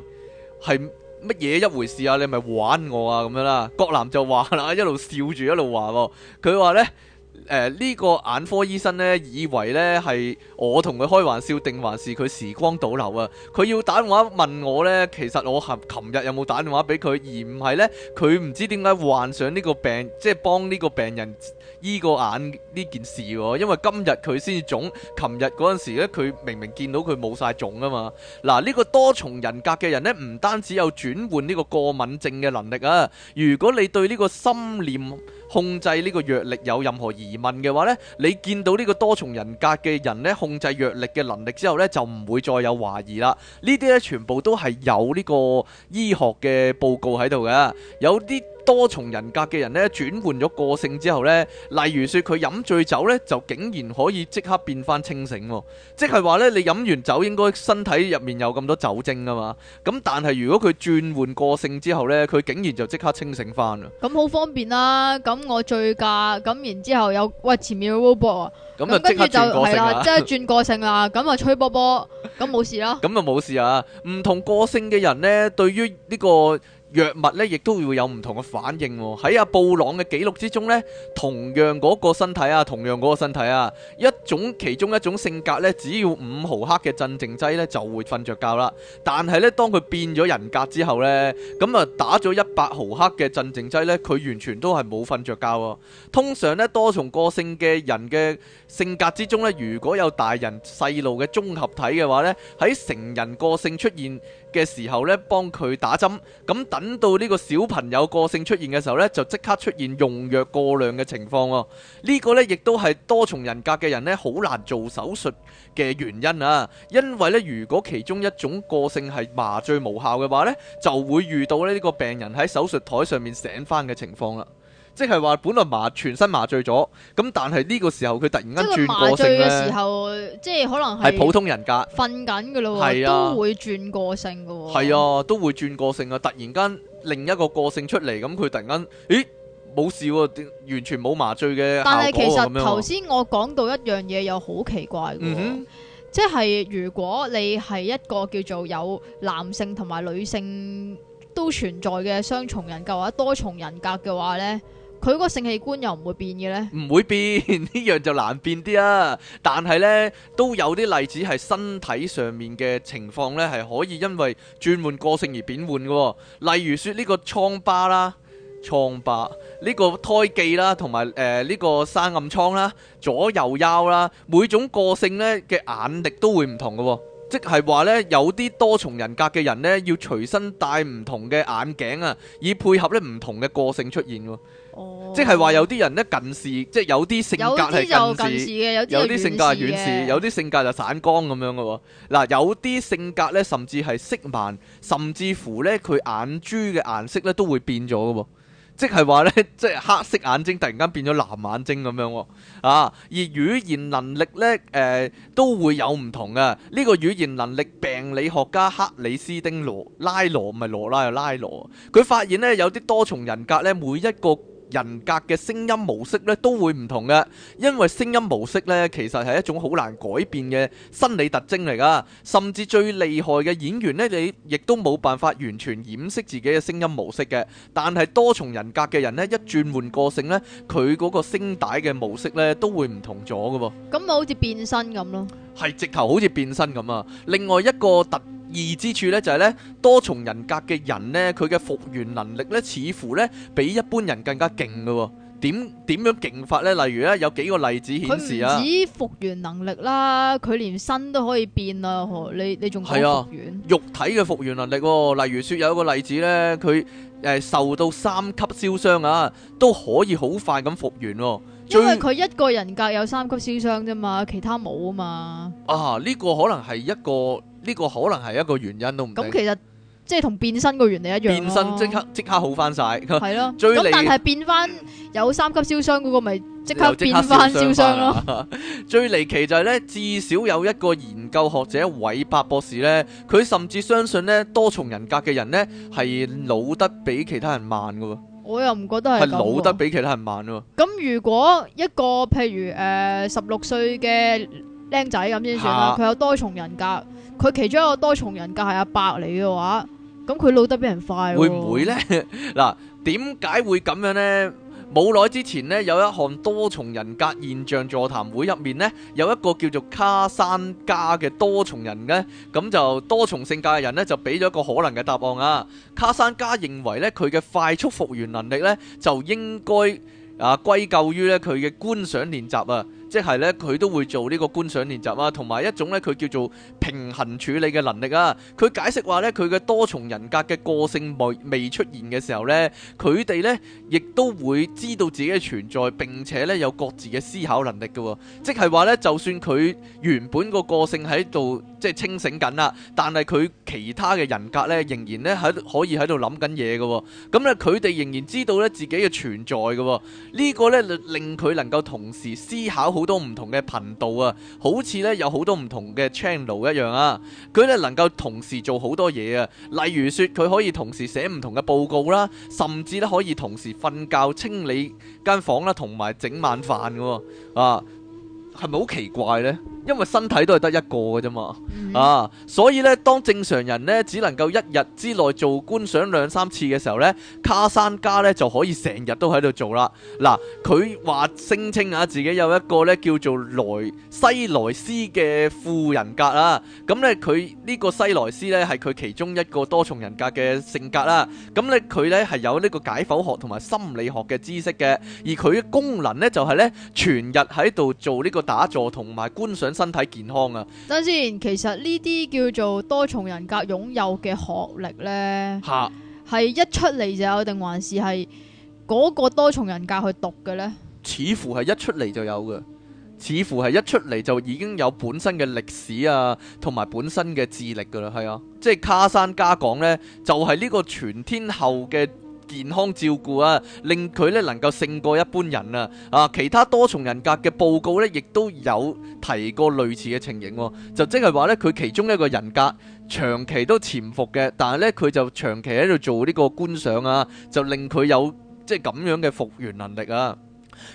係？乜嘢一回事啊？你咪玩我啊咁樣啦！郭南就話啦，一路笑住一路話佢話呢，誒、呃、呢、呢個眼科醫生呢，以為呢，係我同佢開玩笑，定還是佢時光倒流啊？佢要打電話問我呢，其實我琴日有冇打電話俾佢，而唔係呢，佢唔知點解患上呢個病，即係幫呢個病人。醫個眼呢件事喎，因為今日佢先腫，琴日嗰陣時咧，佢明明見到佢冇晒腫啊嘛。嗱、啊，呢、呢個多重人格嘅人呢，唔單止有轉換呢個過敏症嘅能力啊。如果你對呢個心念控制呢個藥力有任何疑問嘅話呢，你見到呢個多重人格嘅人呢，控制藥力嘅能力之後呢，就唔會再有懷疑啦。呢啲呢，全部都係有呢個醫學嘅報告喺度嘅，有啲。多重人格嘅人呢，轉換咗個性之後呢，例如說佢飲醉酒呢，就竟然可以即刻變翻清醒，即係話呢，你飲完酒應該身體入面有咁多酒精噶嘛，咁但係如果佢轉換個性之後呢，佢竟然就即刻清醒翻啊！咁好方便啦，咁我醉駕，咁然之後，後有喂前面有波波啊，咁跟住就係啦，即係轉個性啦，咁啊吹波波，咁冇 [LAUGHS] 事啦。咁 [LAUGHS] 就冇事啊！唔同個性嘅人呢，對於呢個。藥物咧，亦都會有唔同嘅反應喎。喺阿布朗嘅記錄之中呢，同樣嗰個身體啊，同樣嗰個身體啊，一種其中一種性格呢，只要五毫克嘅鎮靜劑呢就會瞓着覺啦。但係呢，當佢變咗人格之後呢，咁啊打咗一百毫克嘅鎮靜劑呢，佢完全都係冇瞓着覺啊。通常呢，多重個性嘅人嘅性格之中呢，如果有大人細路嘅綜合體嘅話呢，喺成人個性出現嘅時候咧，幫佢打針，咁等到呢個小朋友個性出現嘅時候咧，就即刻出現用藥過量嘅情況哦。呢個咧亦都係多重人格嘅人咧，好難做手術嘅原因啊。因為咧，如果其中一種個性係麻醉無效嘅話咧，就會遇到咧呢個病人喺手術台上面醒翻嘅情況啦。即係話本來麻全身麻醉咗，咁但係呢個時候佢突然間轉個性個麻醉嘅時候，即係可能係普通人格。瞓緊噶咯，啊、都會轉個性噶。係啊，都會轉個性啊！突然間另一個個性出嚟，咁佢突然間，咦，冇事喎，完全冇麻醉嘅效果。但係其實頭先我講到一樣嘢又好奇怪，即係、嗯、哼如果你係一個叫做有男性同埋女性都存在嘅雙重人格或者多重人格嘅話呢。佢個性器官又唔會變嘅呢？唔會變呢樣就難變啲啊。但係呢都有啲例子係身體上面嘅情況呢，係可以因為轉換個性而變換嘅。例如說呢個瘡疤啦、瘡疤呢個胎記啦，同埋誒呢個生暗瘡啦、左右腰啦，每種個性呢嘅眼力都會唔同嘅，即係話呢有啲多重人格嘅人呢要隨身戴唔同嘅眼鏡啊，以配合呢唔同嘅個性出現。即係話有啲人咧近視，即係有啲性格係近視嘅，有啲性格係遠視，有啲性格就散光咁樣嘅喎。嗱，有啲性格咧甚至係色盲，甚至乎咧佢眼珠嘅顏色咧都會變咗嘅喎。即係話咧，即係黑色眼睛突然間變咗藍眼睛咁樣。啊，而語言能力咧，誒、呃，都會有唔同嘅。呢、這個語言能力病理學家克里斯丁羅拉羅唔係羅拉又拉羅，佢發現咧有啲多重人格咧，每一個。人格嘅聲音模式咧都會唔同嘅，因為聲音模式咧其實係一種好難改變嘅生理特徵嚟噶，甚至最厲害嘅演員咧，你亦都冇辦法完全掩飾自己嘅聲音模式嘅。但係多重人格嘅人咧，一轉換個性咧，佢嗰個聲帶嘅模式咧都會唔同咗㗎喎。咁咪好似變身咁咯？係直頭好似變身咁啊！另外一個特異之處咧就係咧多重人格嘅人咧，佢嘅復原能力咧似乎咧比一般人更加勁㗎。點點樣勁法咧？例如咧有幾個例子顯示啊，佢唔止復原能力啦，佢連身都可以變啊！你你仲係啊？肉體嘅復原能力。哦，例如說有一個例子咧，佢誒、呃、受到三級燒傷啊，都可以好快咁復原。哦，因為佢一個人格有三級燒傷啫嘛，其他冇啊嘛。啊，呢、呢個可能係一個。呢個可能係一個原因都唔。咁其實即係同變身個原理一樣，變身即刻即刻好翻晒。係咯 [LAUGHS] 了，咁離但係變翻有三級燒傷嗰個咪即刻變翻燒傷咯。 [LAUGHS] 最離奇就係呢，至少有一個研究學者韋伯博士呢，佢甚至相信呢多重人格嘅人呢係老得比其他人慢嘅喎。我又唔覺得係。係老得比其他人慢喎。咁如果一個譬如誒十六歲嘅僆仔咁先算啦，佢有多重人格，佢其中一個多重人格係阿伯嚟嘅話，咁佢老得比人快，啊，會唔會呢？嗱，點解會咁樣呢？冇耐之前呢，有一項多重人格現象座談會入面呢，有一個叫做卡山加嘅多重人嘅，咁就多重性格嘅人呢，就俾咗一個可能嘅答案啊！卡山加認為呢，佢嘅快速復原能力呢，就應該啊歸咎於呢，佢嘅觀賞練習啊！即係咧，佢都會做呢個觀賞練習啊，同埋一種咧，佢叫做平衡處理嘅能力啊。佢解釋話咧，佢嘅多重人格嘅個性未未出現嘅時候咧，佢哋咧亦都會知道自己嘅存在，並且咧有各自嘅思考能力嘅。即係話咧，就算佢原本個個性喺度即係清醒緊啦，但係佢其他嘅人格咧仍然咧喺可以喺度諗緊嘢嘅。咁咧，佢哋仍然知道咧自己嘅存在嘅。呢個咧令佢能夠同時思考好多唔同嘅頻道啊，好似呢有好多唔同嘅 channel 一樣啊，佢呢能夠同時做好多嘢啊，例如說佢可以同時寫唔同嘅報告啦，甚至呢可以同時瞓覺、清理間房啦，同埋整晚飯嘅喎啊，係咪好奇怪呢？因為身體都係得一個嘅啫嘛，啊，所以咧，當正常人咧只能夠一日之內做觀想兩三次嘅時候咧，卡山加咧就可以成日都喺度做啦。嗱，佢話聲稱啊，自己有一個咧叫做萊西萊斯嘅副人格啦，咁咧佢呢個西萊斯咧係佢其中一個多重人格嘅性格啦。咁咧佢咧係有呢個解剖學同埋心理學嘅知識嘅，而佢嘅功能咧就係咧全日喺度做呢個打坐同埋觀想。身體健康啊！等先，其實呢啲叫做多重人格擁有嘅學歷呢，係哈一出嚟就有定還是係嗰個多重人格去讀嘅呢似？似乎係一出嚟就有嘅，似乎係一出嚟就已經有本身嘅歷史啊，同埋本身嘅智力噶啦，係啊，即係卡山加講呢，就係、是、呢個全天候嘅、嗯。健康照顧啊，令佢咧能夠勝過一般人啊！啊，其他多重人格嘅報告咧，亦都有提過類似嘅情形，就即係話咧，佢其中一個人格長期都潛伏嘅，但係咧佢就長期喺度做呢個觀賞啊，就令佢有即係咁樣嘅復原能力啊！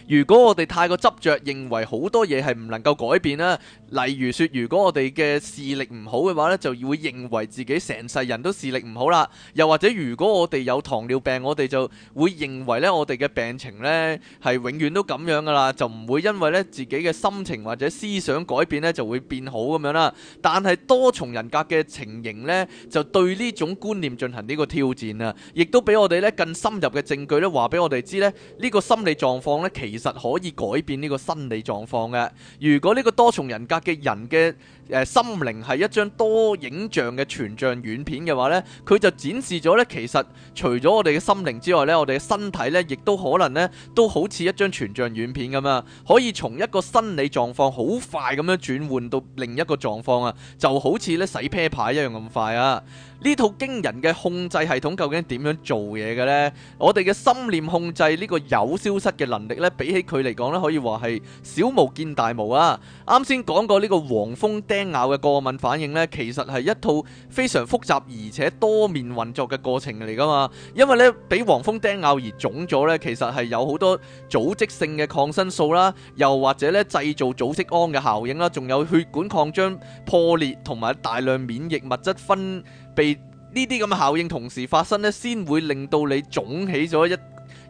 如果我哋太過執著，認為好多嘢係唔能夠改變咧。例如說，如果我哋嘅視力唔好嘅話咧，就會認為自己成世人都視力唔好啦；又或者，如果我哋有糖尿病，我哋就會認為咧，我哋嘅病情咧係永遠都咁樣噶啦，就唔會因為咧自己嘅心情或者思想改變咧就會變好咁樣啦。但係多重人格嘅情形咧，就對呢種觀念進行呢個挑戰啊！亦都俾我哋咧更深入嘅證據咧話俾我哋知咧，呢個心理狀況咧其實可以改變呢個心理狀況嘅。如果呢個多重人格嘅人嘅。誒，心靈係一張多影像嘅全像軟片嘅話呢，佢就展示咗呢，其實除咗我哋嘅心靈之外呢，我哋嘅身體呢，亦都可能呢都好似一張全像軟片咁啊。可以從一個心理狀況好快咁樣轉換到另一個狀況啊，就好似呢洗 pair 牌一樣咁快啊。呢套驚人嘅控制系統究竟點樣做嘢嘅呢？我哋嘅心念控制呢個有消失嘅能力呢，比起佢嚟講呢，可以話係小巫見大巫啊。啱先講過呢個黃蜂叮咬嘅過敏反應呢，其實係一套非常複雜而且多面運作嘅過程嚟噶嘛。因為呢，俾黃蜂叮咬而腫咗呢，其實係有好多組織性嘅抗生素啦，又或者呢，製造組織胺嘅效應啦，仲有血管擴張破裂同埋大量免疫物質分泌呢啲咁嘅效應同時發生呢，先會令到你腫起咗一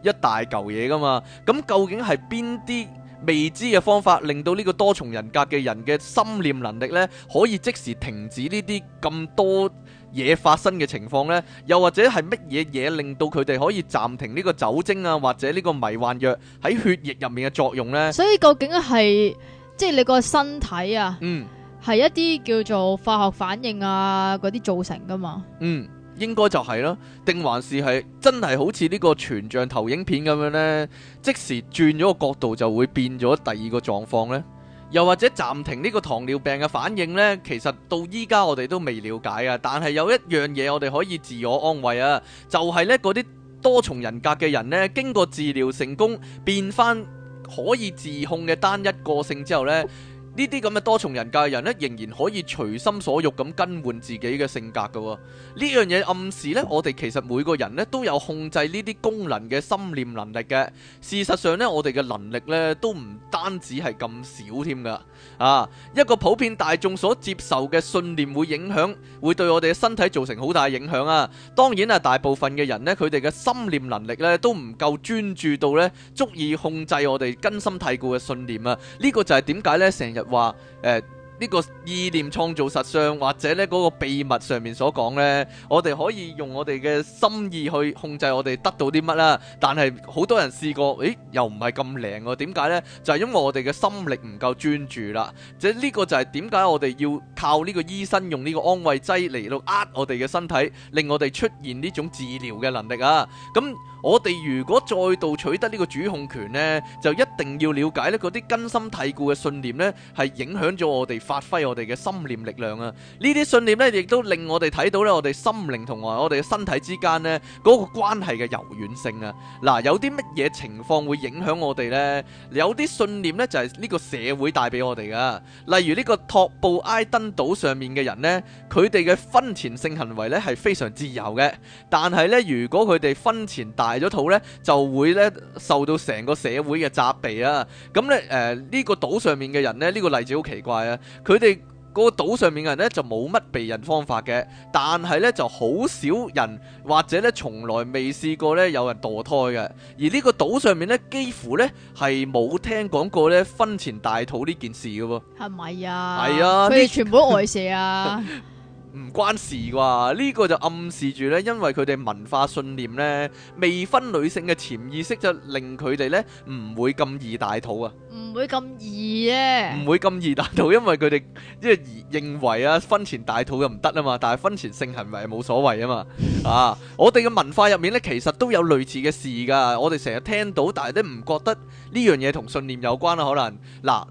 一大嚿嘢噶嘛。咁究竟係邊啲？未知嘅方法令到呢個多重人格嘅人嘅心念能力呢，可以即時停止呢啲咁多嘢發生嘅情況呢？又或者係乜嘢嘢令到佢哋可以暫停呢個酒精啊，或者呢個迷幻藥喺血液入面嘅作用呢？所以究竟係即係你個身體啊，嗯、係一啲叫做化學反應啊嗰啲造成噶嘛？嗯。應該就係咯，定還是係真係好似呢個全像投影片咁樣呢？即時轉咗個角度就會變咗第二個狀況呢？又或者暫停呢個糖尿病嘅反應呢？其實到依家我哋都未了解啊。但係有一樣嘢我哋可以自我安慰啊，就係呢嗰啲多重人格嘅人呢，經過治療成功變翻可以自控嘅單一個性之後呢。呢啲咁嘅多重人格嘅人咧，仍然可以隨心所欲咁更換自己嘅性格嘅喎。呢樣嘢暗示咧，我哋其實每個人咧都有控制呢啲功能嘅心念能力嘅。事實上咧，我哋嘅能力咧都唔單止係咁少添㗎。啊！一個普遍大眾所接受嘅信念會影響，會對我哋嘅身體造成好大影響啊！當然啊，大部分嘅人呢，佢哋嘅心念能力呢，都唔夠專注到咧，足以控制我哋根深蒂固嘅信念啊！呢個就係點解呢？成日話誒。呃呢個意念創造實相，或者呢嗰個秘密上面所講呢，我哋可以用我哋嘅心意去控制我哋得到啲乜啦。但係好多人試過，誒又唔係咁靈喎。點解呢？就係因為我哋嘅心力唔夠專注啦。即呢個就係點解我哋要靠呢個醫生用呢個安慰劑嚟到呃我哋嘅身體，令我哋出現呢種治療嘅能力啊。咁我哋如果再度取得呢個主控權呢，就一定要了解呢嗰啲根深蒂固嘅信念呢，係影響咗我哋。發揮我哋嘅心念力量啊！呢啲信念咧，亦都令我哋睇到咧，我哋心靈同埋我哋身體之間呢嗰、那個關係嘅柔軟性啊！嗱、啊，有啲乜嘢情況會影響我哋呢？有啲信念呢，就係、是、呢個社會帶俾我哋噶、啊。例如呢個托布埃登島上面嘅人呢，佢哋嘅婚前性行為呢係非常自由嘅，但係呢，如果佢哋婚前大咗肚呢，就會呢受到成個社會嘅責備啊！咁咧誒呢個島上面嘅人呢，呢、這個例子好奇怪啊！佢哋嗰個島上面嘅人咧就冇乜避孕方法嘅，但係咧就好少人或者咧，從來未試過咧有人墮胎嘅。而呢個島上面咧，幾乎咧係冇聽講過咧婚前大肚呢件事嘅喎。係咪啊？係啊，佢哋全部外射啊！唔 [LAUGHS] [LAUGHS] 關事啩？呢個就暗示住咧，因為佢哋文化信念咧，未婚女性嘅潛意識就令佢哋咧唔會咁易大肚啊！唔會咁易啊，唔會咁易大肚，因為佢哋即係認為啊，婚前大肚又唔得啊嘛。但係婚前性行為又冇所謂啊嘛。啊，我哋嘅文化入面咧，其實都有類似嘅事噶。我哋成日聽到，但係都唔覺得呢樣嘢同信念有關啦。可能嗱，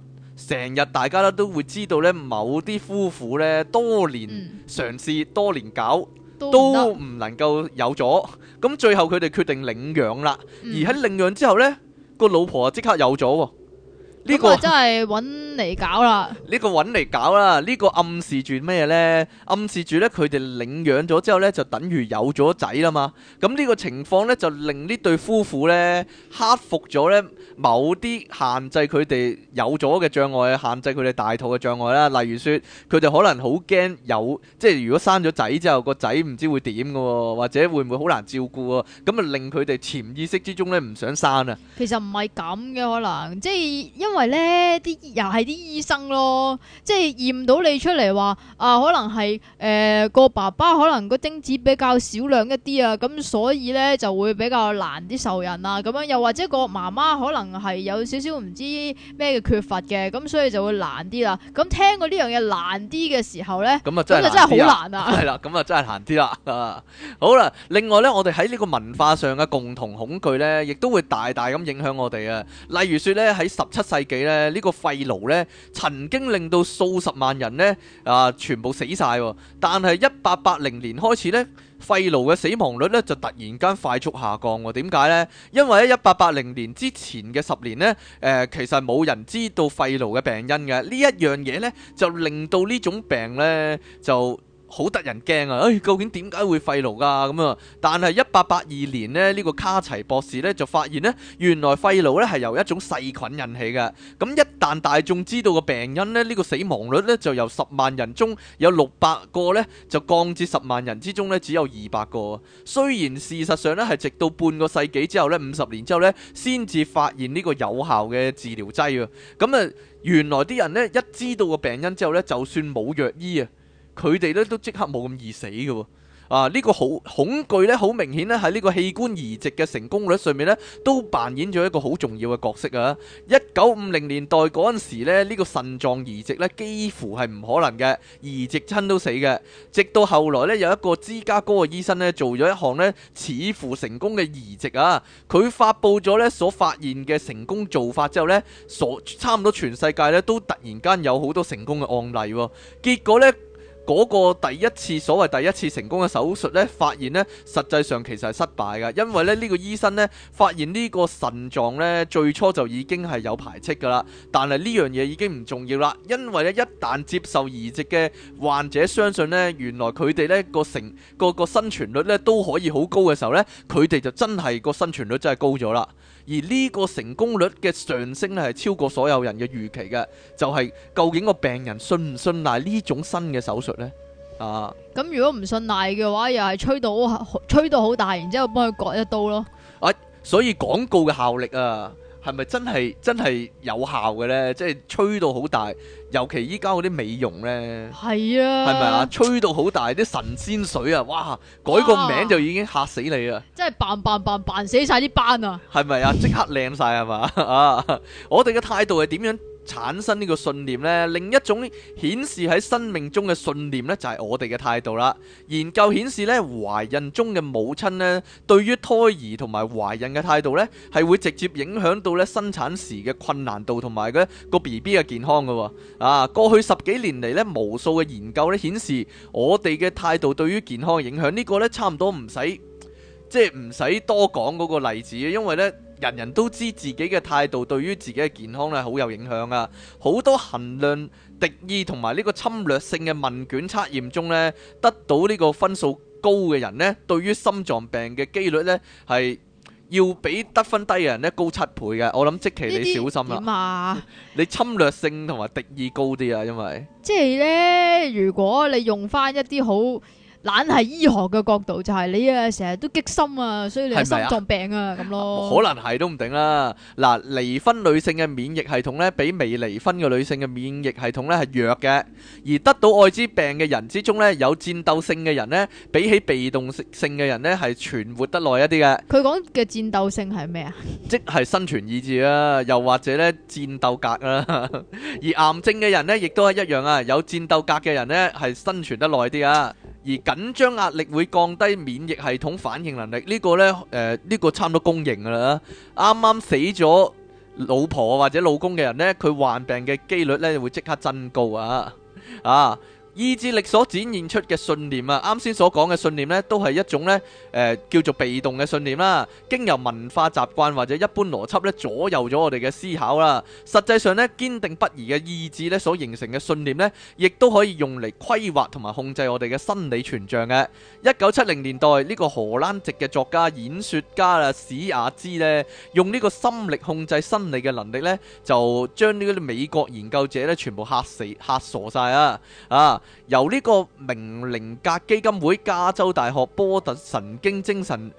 成日大家咧都會知道咧，某啲夫婦咧多年嘗試，多年搞都唔能夠有咗，咁最後佢哋決定領養啦。而喺領養之後咧，個老婆啊即刻有咗。呢、這個真係揾嚟搞啦！呢個揾嚟搞啦！呢個暗示住咩呢？暗示住呢，佢哋領養咗之後呢，就等於有咗仔啦嘛！咁、這、呢個情況呢，就令呢對夫婦呢，克服咗呢。某啲限制佢哋有咗嘅障礙，限制佢哋大肚嘅障礙啦，例如說佢哋可能好驚有，即係如果生咗仔之後個仔唔知會點嘅，或者會唔會好難照顧啊？咁啊，令佢哋潛意識之中咧唔想生啊。其實唔係咁嘅，可能即係因為咧啲又係啲醫生咯，即係驗到你出嚟話啊，可能係誒、呃、個爸爸可能個精子比較少量一啲啊，咁所以咧就會比較難啲受孕啊。咁樣又或者個媽媽可能。係有少少唔知咩嘅缺乏嘅，咁所以就會難啲啦。咁聽過呢樣嘢難啲嘅時候呢，咁啊真係好難、啊，係啦，咁啊真係難啲啦。好啦，另外呢，我哋喺呢個文化上嘅共同恐懼呢，亦都會大大咁影響我哋啊。例如說呢，喺十七世紀呢，這個、廢呢個廢奴呢曾經令到數十萬人呢啊，全部死晒。但係一八八零年開始呢。肺癆嘅死亡率咧就突然間快速下降喎，點解呢？因為喺一八八零年之前嘅十年呢，誒、呃、其實冇人知道肺癆嘅病因嘅，呢一樣嘢呢，就令到呢種病呢，就，好得人驚啊！唉、哎，究竟點解會肺癆啊？咁啊，但係一八八二年呢，呢、呢個卡齊博士呢，就發現呢，原來肺癆呢係由一種細菌引起嘅。咁一旦大眾知道個病因呢，呢、呢個死亡率呢，就由十萬人中有六百個呢，就降至十萬人之中呢，只有二百個。雖然事實上呢，係直到半個世紀之後呢，五十年之後呢，先至發現呢個有效嘅治療劑啊。咁啊，原來啲人呢，一知道個病因之後呢，就算冇藥醫啊。佢哋咧都即刻冇咁易死嘅喎、啊，啊呢個好恐懼咧，好明顯咧喺呢個器官移植嘅成功率上面呢，都扮演咗一個好重要嘅角色啊！一九五零年代嗰陣時咧，呢個腎臟移植呢幾乎係唔可能嘅，移植親都死嘅。直到後來呢，有一個芝加哥嘅醫生呢做咗一項呢似乎成功嘅移植啊，佢發布咗呢所發現嘅成功做法之後呢，所差唔多全世界呢都突然間有好多成功嘅案例、啊，結果呢。嗰個第一次所謂第一次成功嘅手術呢，發現呢實際上其實係失敗嘅，因為咧呢、呢個醫生呢發現呢個腎臟呢最初就已經係有排斥㗎啦，但係呢樣嘢已經唔重要啦，因為呢一旦接受移植嘅患者相信呢，原來佢哋呢成、嗰個成個、嗰個生存率呢都可以好高嘅時候呢，佢哋就真係、嗰個生存率真係高咗啦。而呢個成功率嘅上升咧，係超過所有人嘅預期嘅。就係、是、究竟個病人信唔信賴呢種新嘅手術呢？啊！咁如果唔信賴嘅話，又係吹到吹到好大，然之後幫佢割一刀咯。啊、所以廣告嘅效力啊！係咪真係真係有效嘅咧？即係吹到好大，尤其依家嗰啲美容咧，係啊，係咪啊？吹到好大啲神仙水啊！哇，改個名就已經嚇死你啊！即係扮扮扮扮死晒啲斑啊！係咪啊？即刻靚晒係嘛啊！ [LAUGHS] [LAUGHS] 我哋嘅態度係點樣？產生呢個信念呢，另一種顯示喺生命中嘅信念呢，就係、是、我哋嘅態度啦。研究顯示呢，懷孕中嘅母親呢，對於胎兒同埋懷孕嘅態度呢，係會直接影響到呢生產時嘅困難度同埋嘅個 B B 嘅健康噶、啊。啊，過去十幾年嚟，呢，無數嘅研究呢顯示，我哋嘅態度對於健康嘅影響，呢、這個呢，差唔多唔使，即係唔使多講嗰個例子，因為呢。人人都知自己嘅態度對於自己嘅健康咧好有影響啊！好多衡量敵意同埋呢個侵略性嘅問卷測驗中呢，得到呢個分數高嘅人呢，對於心臟病嘅機率呢，係要比得分低嘅人呢高七倍嘅。我諗即期你小心啦。點啊？你侵略性同埋敵意高啲啊？因為即係呢，如果你用翻一啲好。懶係醫學嘅角度，就係你啊，成日都激心啊，所以你係心臟病啊咁咯。可能係都唔定啦。嗱，離婚女性嘅免疫系統咧，比未離婚嘅女性嘅免疫系統咧係弱嘅。而得到艾滋病嘅人之中咧，有戰鬥性嘅人咧，比起被動性嘅人咧，係存活得耐一啲嘅。佢講嘅戰鬥性係咩啊？即係生存意志啦，又或者咧戰鬥格啦。而癌症嘅人咧，亦都係一樣啊，有戰鬥格嘅人咧，係生存得耐啲啊。而緊張壓力會降低免疫系統反應能力，呢個、呢個咧，誒，呢個差唔多公認㗎啦。啱啱死咗老婆或者老公嘅人呢，佢患病嘅機率呢，會即刻增高啊啊！意志力所展現出嘅信念啊，啱先所講嘅信念呢，都係一種呢誒、呃、叫做被動嘅信念啦，經由文化習慣或者一般邏輯咧左右咗我哋嘅思考啦。實際上呢，堅定不移嘅意志呢所形成嘅信念呢，亦都可以用嚟規劃同埋控制我哋嘅生理存象嘅。一九七零年代呢，呢個荷蘭籍嘅作家演說家啊史亞芝呢，用呢個心力控制生理嘅能力呢，就將呢嗰啲美國研究者呢全部嚇死嚇傻晒啊啊！由呢個明靈格基金會、加州大學波特神經精神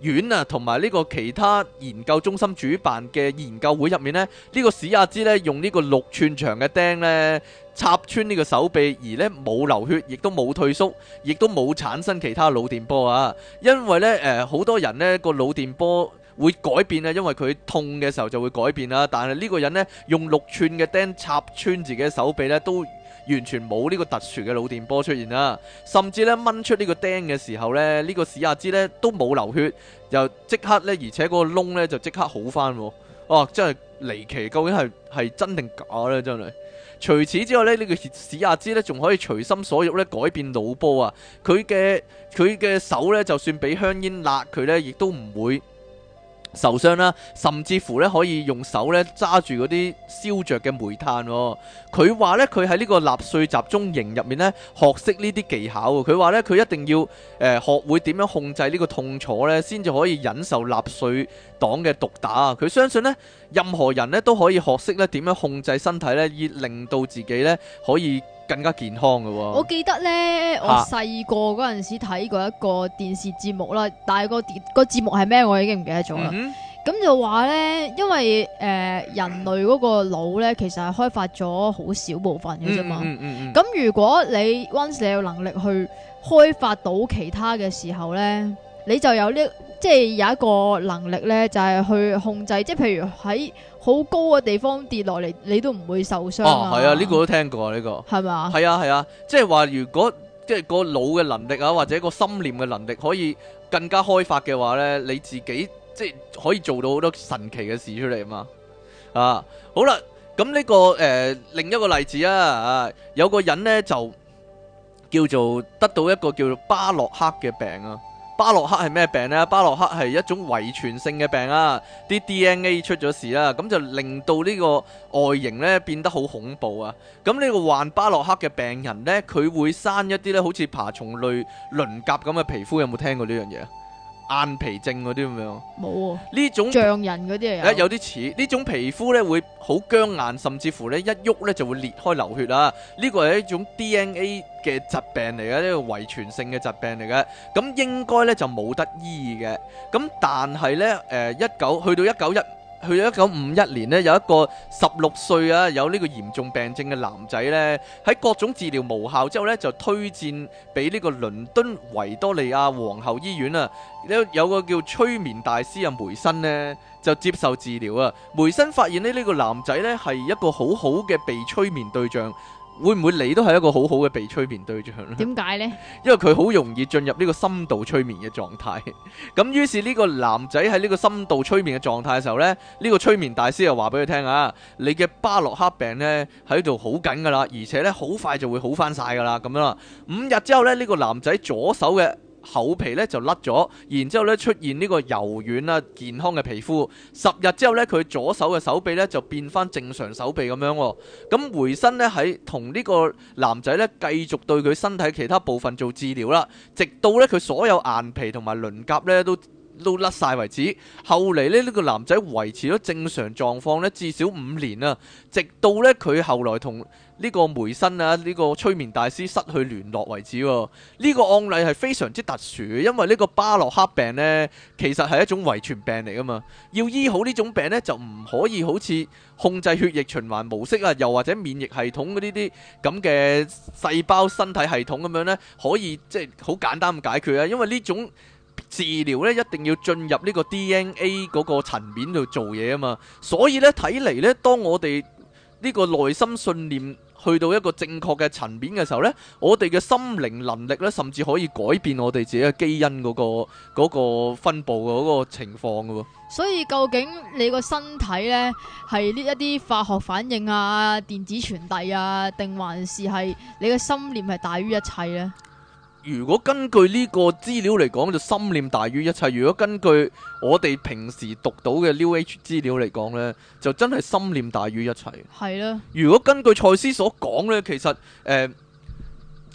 院啊，同埋呢個其他研究中心主辦嘅研究會入面呢，呢、呢個史亞芝呢，用呢個六寸長嘅釘呢，插穿呢個手臂，而呢冇流血，亦都冇退縮，亦都冇產生其他腦電波啊！因為呢，誒、呃，好多人呢個腦電波會改變咧，因為佢痛嘅時候就會改變啦。但係呢個人呢，用六寸嘅釘插穿自己嘅手臂呢，都。完全冇呢個特殊嘅腦電波出現啦、啊，甚至咧掹出呢個釘嘅時候呢，呢、呢個史亞芝呢都冇流血，又即刻呢，而且嗰個窿呢就即刻好翻、啊，哦、啊，真係離奇，究竟係係真定假呢？真係。除此之外呢，呢、呢個史亞芝呢仲可以隨心所欲呢改變腦波啊！佢嘅佢嘅手呢，就算俾香煙辣，佢呢亦都唔會。受傷啦，甚至乎咧可以用手咧揸住嗰啲燒着嘅煤炭。佢話咧佢喺呢個納粹集中營入面咧學識呢啲技巧。佢話咧佢一定要誒學會點樣控制呢個痛楚咧，先至可以忍受納粹黨嘅毒打啊！佢相信咧任何人咧都可以學識咧點樣控制身體咧，以令到自己咧可以更加健康嘅喎，我記得呢，啊、我細個嗰陣時睇過一個電視節目啦，但係個電個節目係咩，我已經唔記得咗啦。咁、嗯嗯、就話呢，因為誒、呃、人類嗰個腦呢，其實係開發咗好少部分嘅啫嘛。咁如果你 once 你有能力去開發到其他嘅時候呢。你就有呢、這個，即係有一個能力呢，就係、是、去控制，即係譬如喺好高嘅地方跌落嚟，你都唔會受傷啊！係、哦、啊，呢、這個都聽過呢、這個，係嘛吧？係啊係啊，即係話如果即係個腦嘅能力啊，或者個心念嘅能力可以更加開發嘅話呢，你自己即係可以做到好多神奇嘅事出嚟嘛！啊，好啦，咁呢、這個誒、呃、另一個例子啊，啊有個人呢，就叫做得到一個叫做巴洛克嘅病啊。巴洛克係咩病呢？巴洛克係一種遺傳性嘅病啊，啲 DNA 出咗事啦，啊，咁就令到呢個外形咧，變得好恐怖啊。咁呢個患巴洛克嘅病人呢，佢會生一啲咧，好似爬蟲類鱗甲咁嘅皮膚，有冇聽過呢樣嘢？硬皮症嗰啲咁樣，冇喎。呢種象人、哎、像人嗰啲啊，誒有啲似呢種皮膚咧會好僵硬，甚至乎咧一喐咧就會裂開流血啦、啊。呢個係一種 DNA 嘅疾病嚟嘅，呢個遺傳性嘅疾病嚟嘅。咁應該咧就冇得醫嘅。咁但係咧誒一九去到一九一。去咗一九五一年呢，有一個十六歲啊，有呢個嚴重病症嘅男仔呢，喺各種治療無效之後呢，就推薦俾呢個倫敦維多利亞皇后醫院啊，有有個叫催眠大師啊梅森呢，就接受治療啊。梅森發現咧呢個男仔呢，係一個好好嘅被催眠對象。會唔會你都係一個好好嘅被催眠對象咧？點解呢？因為佢好容易進入呢個深度催眠嘅狀態，咁 [LAUGHS] 於是呢個男仔喺呢個深度催眠嘅狀態嘅時候呢，呢個催眠大師又話俾佢聽啊，你嘅巴洛克病呢喺度好緊噶啦，而且呢好快就會好翻晒噶啦，咁樣五日之後呢，呢個男仔左手嘅。口皮咧就甩咗，然之後咧出現呢個柔軟啦、健康嘅皮膚。十日之後呢，佢左手嘅手臂咧就變返正常手臂咁樣。咁回身呢，喺同呢個男仔呢繼續對佢身體其他部分做治療啦，直到呢，佢所有眼皮同埋鱗甲呢都都甩晒為止。後嚟呢，呢個男仔維持咗正常狀況呢至少五年啊，直到呢，佢後來同。呢個梅森啊，呢個催眠大師失去聯絡為止喎、啊。呢個案例係非常之特殊，因為呢個巴洛克病呢，其實係一種遺傳病嚟啊嘛。要醫好呢種病呢，就唔可以好似控制血液循環模式啊，又或者免疫系統嗰啲啲咁嘅細胞、身體系統咁樣呢，可以即係好簡單咁解決啊。因為呢種治療呢，一定要進入呢個 DNA 嗰個層面度做嘢啊嘛。所以呢，睇嚟呢，當我哋呢個內心信念去到一個正確嘅層面嘅時候呢，我哋嘅心靈能力呢，甚至可以改變我哋自己嘅基因嗰個嗰個分布嘅嗰個情況嘅喎。所以究竟你個身體呢，係呢一啲化學反應啊、電子傳遞啊，定還是係你嘅心念係大於一切呢？如果根據呢個資料嚟講，就心念大於一切。如果根據我哋平時讀到嘅 New Age 資料嚟講呢，就真係心念大於一切。係啦的。如果根據蔡司所講呢，其實誒、呃，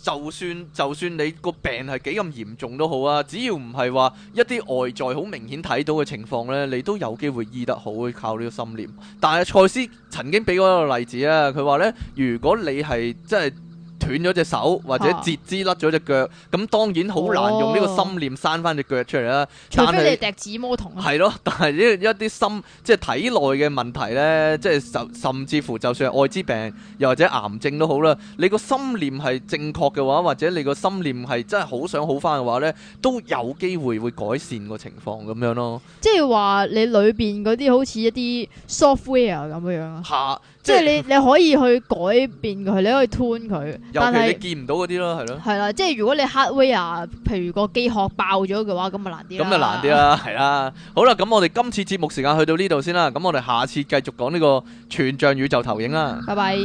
就算就算你個病係幾咁嚴重都好啊，只要唔係話一啲外在好明顯睇到嘅情況呢，你都有機會醫得好，靠呢個心念。但係蔡司曾經俾過一個例子啊，佢話呢：「如果你係即係。斷咗隻手或者截肢甩咗隻腳，咁、啊、當然好難用呢個心念生翻隻腳出嚟啦。哦、是除非你係石子魔童。係咯，但係呢一啲心即係體內嘅問題呢，嗯、即係甚甚至乎就算係愛滋病又或者癌症都好啦。你個心念係正確嘅話，或者你個心念係真係好想好翻嘅話呢，都有機會會改善個情況咁樣咯。即係話你裏邊嗰啲好似一啲 software 咁樣啊。即係你你可以去改變佢，你可以吞佢，尤其你見唔到嗰啲咯，係咯是。係啦了，即係如果你 hardware 譬如個機殼爆咗嘅話，咁咪難啲啦。咁就難啲啦，係啦。 [LAUGHS] 好啦，咁我哋今次節目時間去到呢度先啦，咁我哋下次繼續講呢個全像宇宙投影啦。拜拜。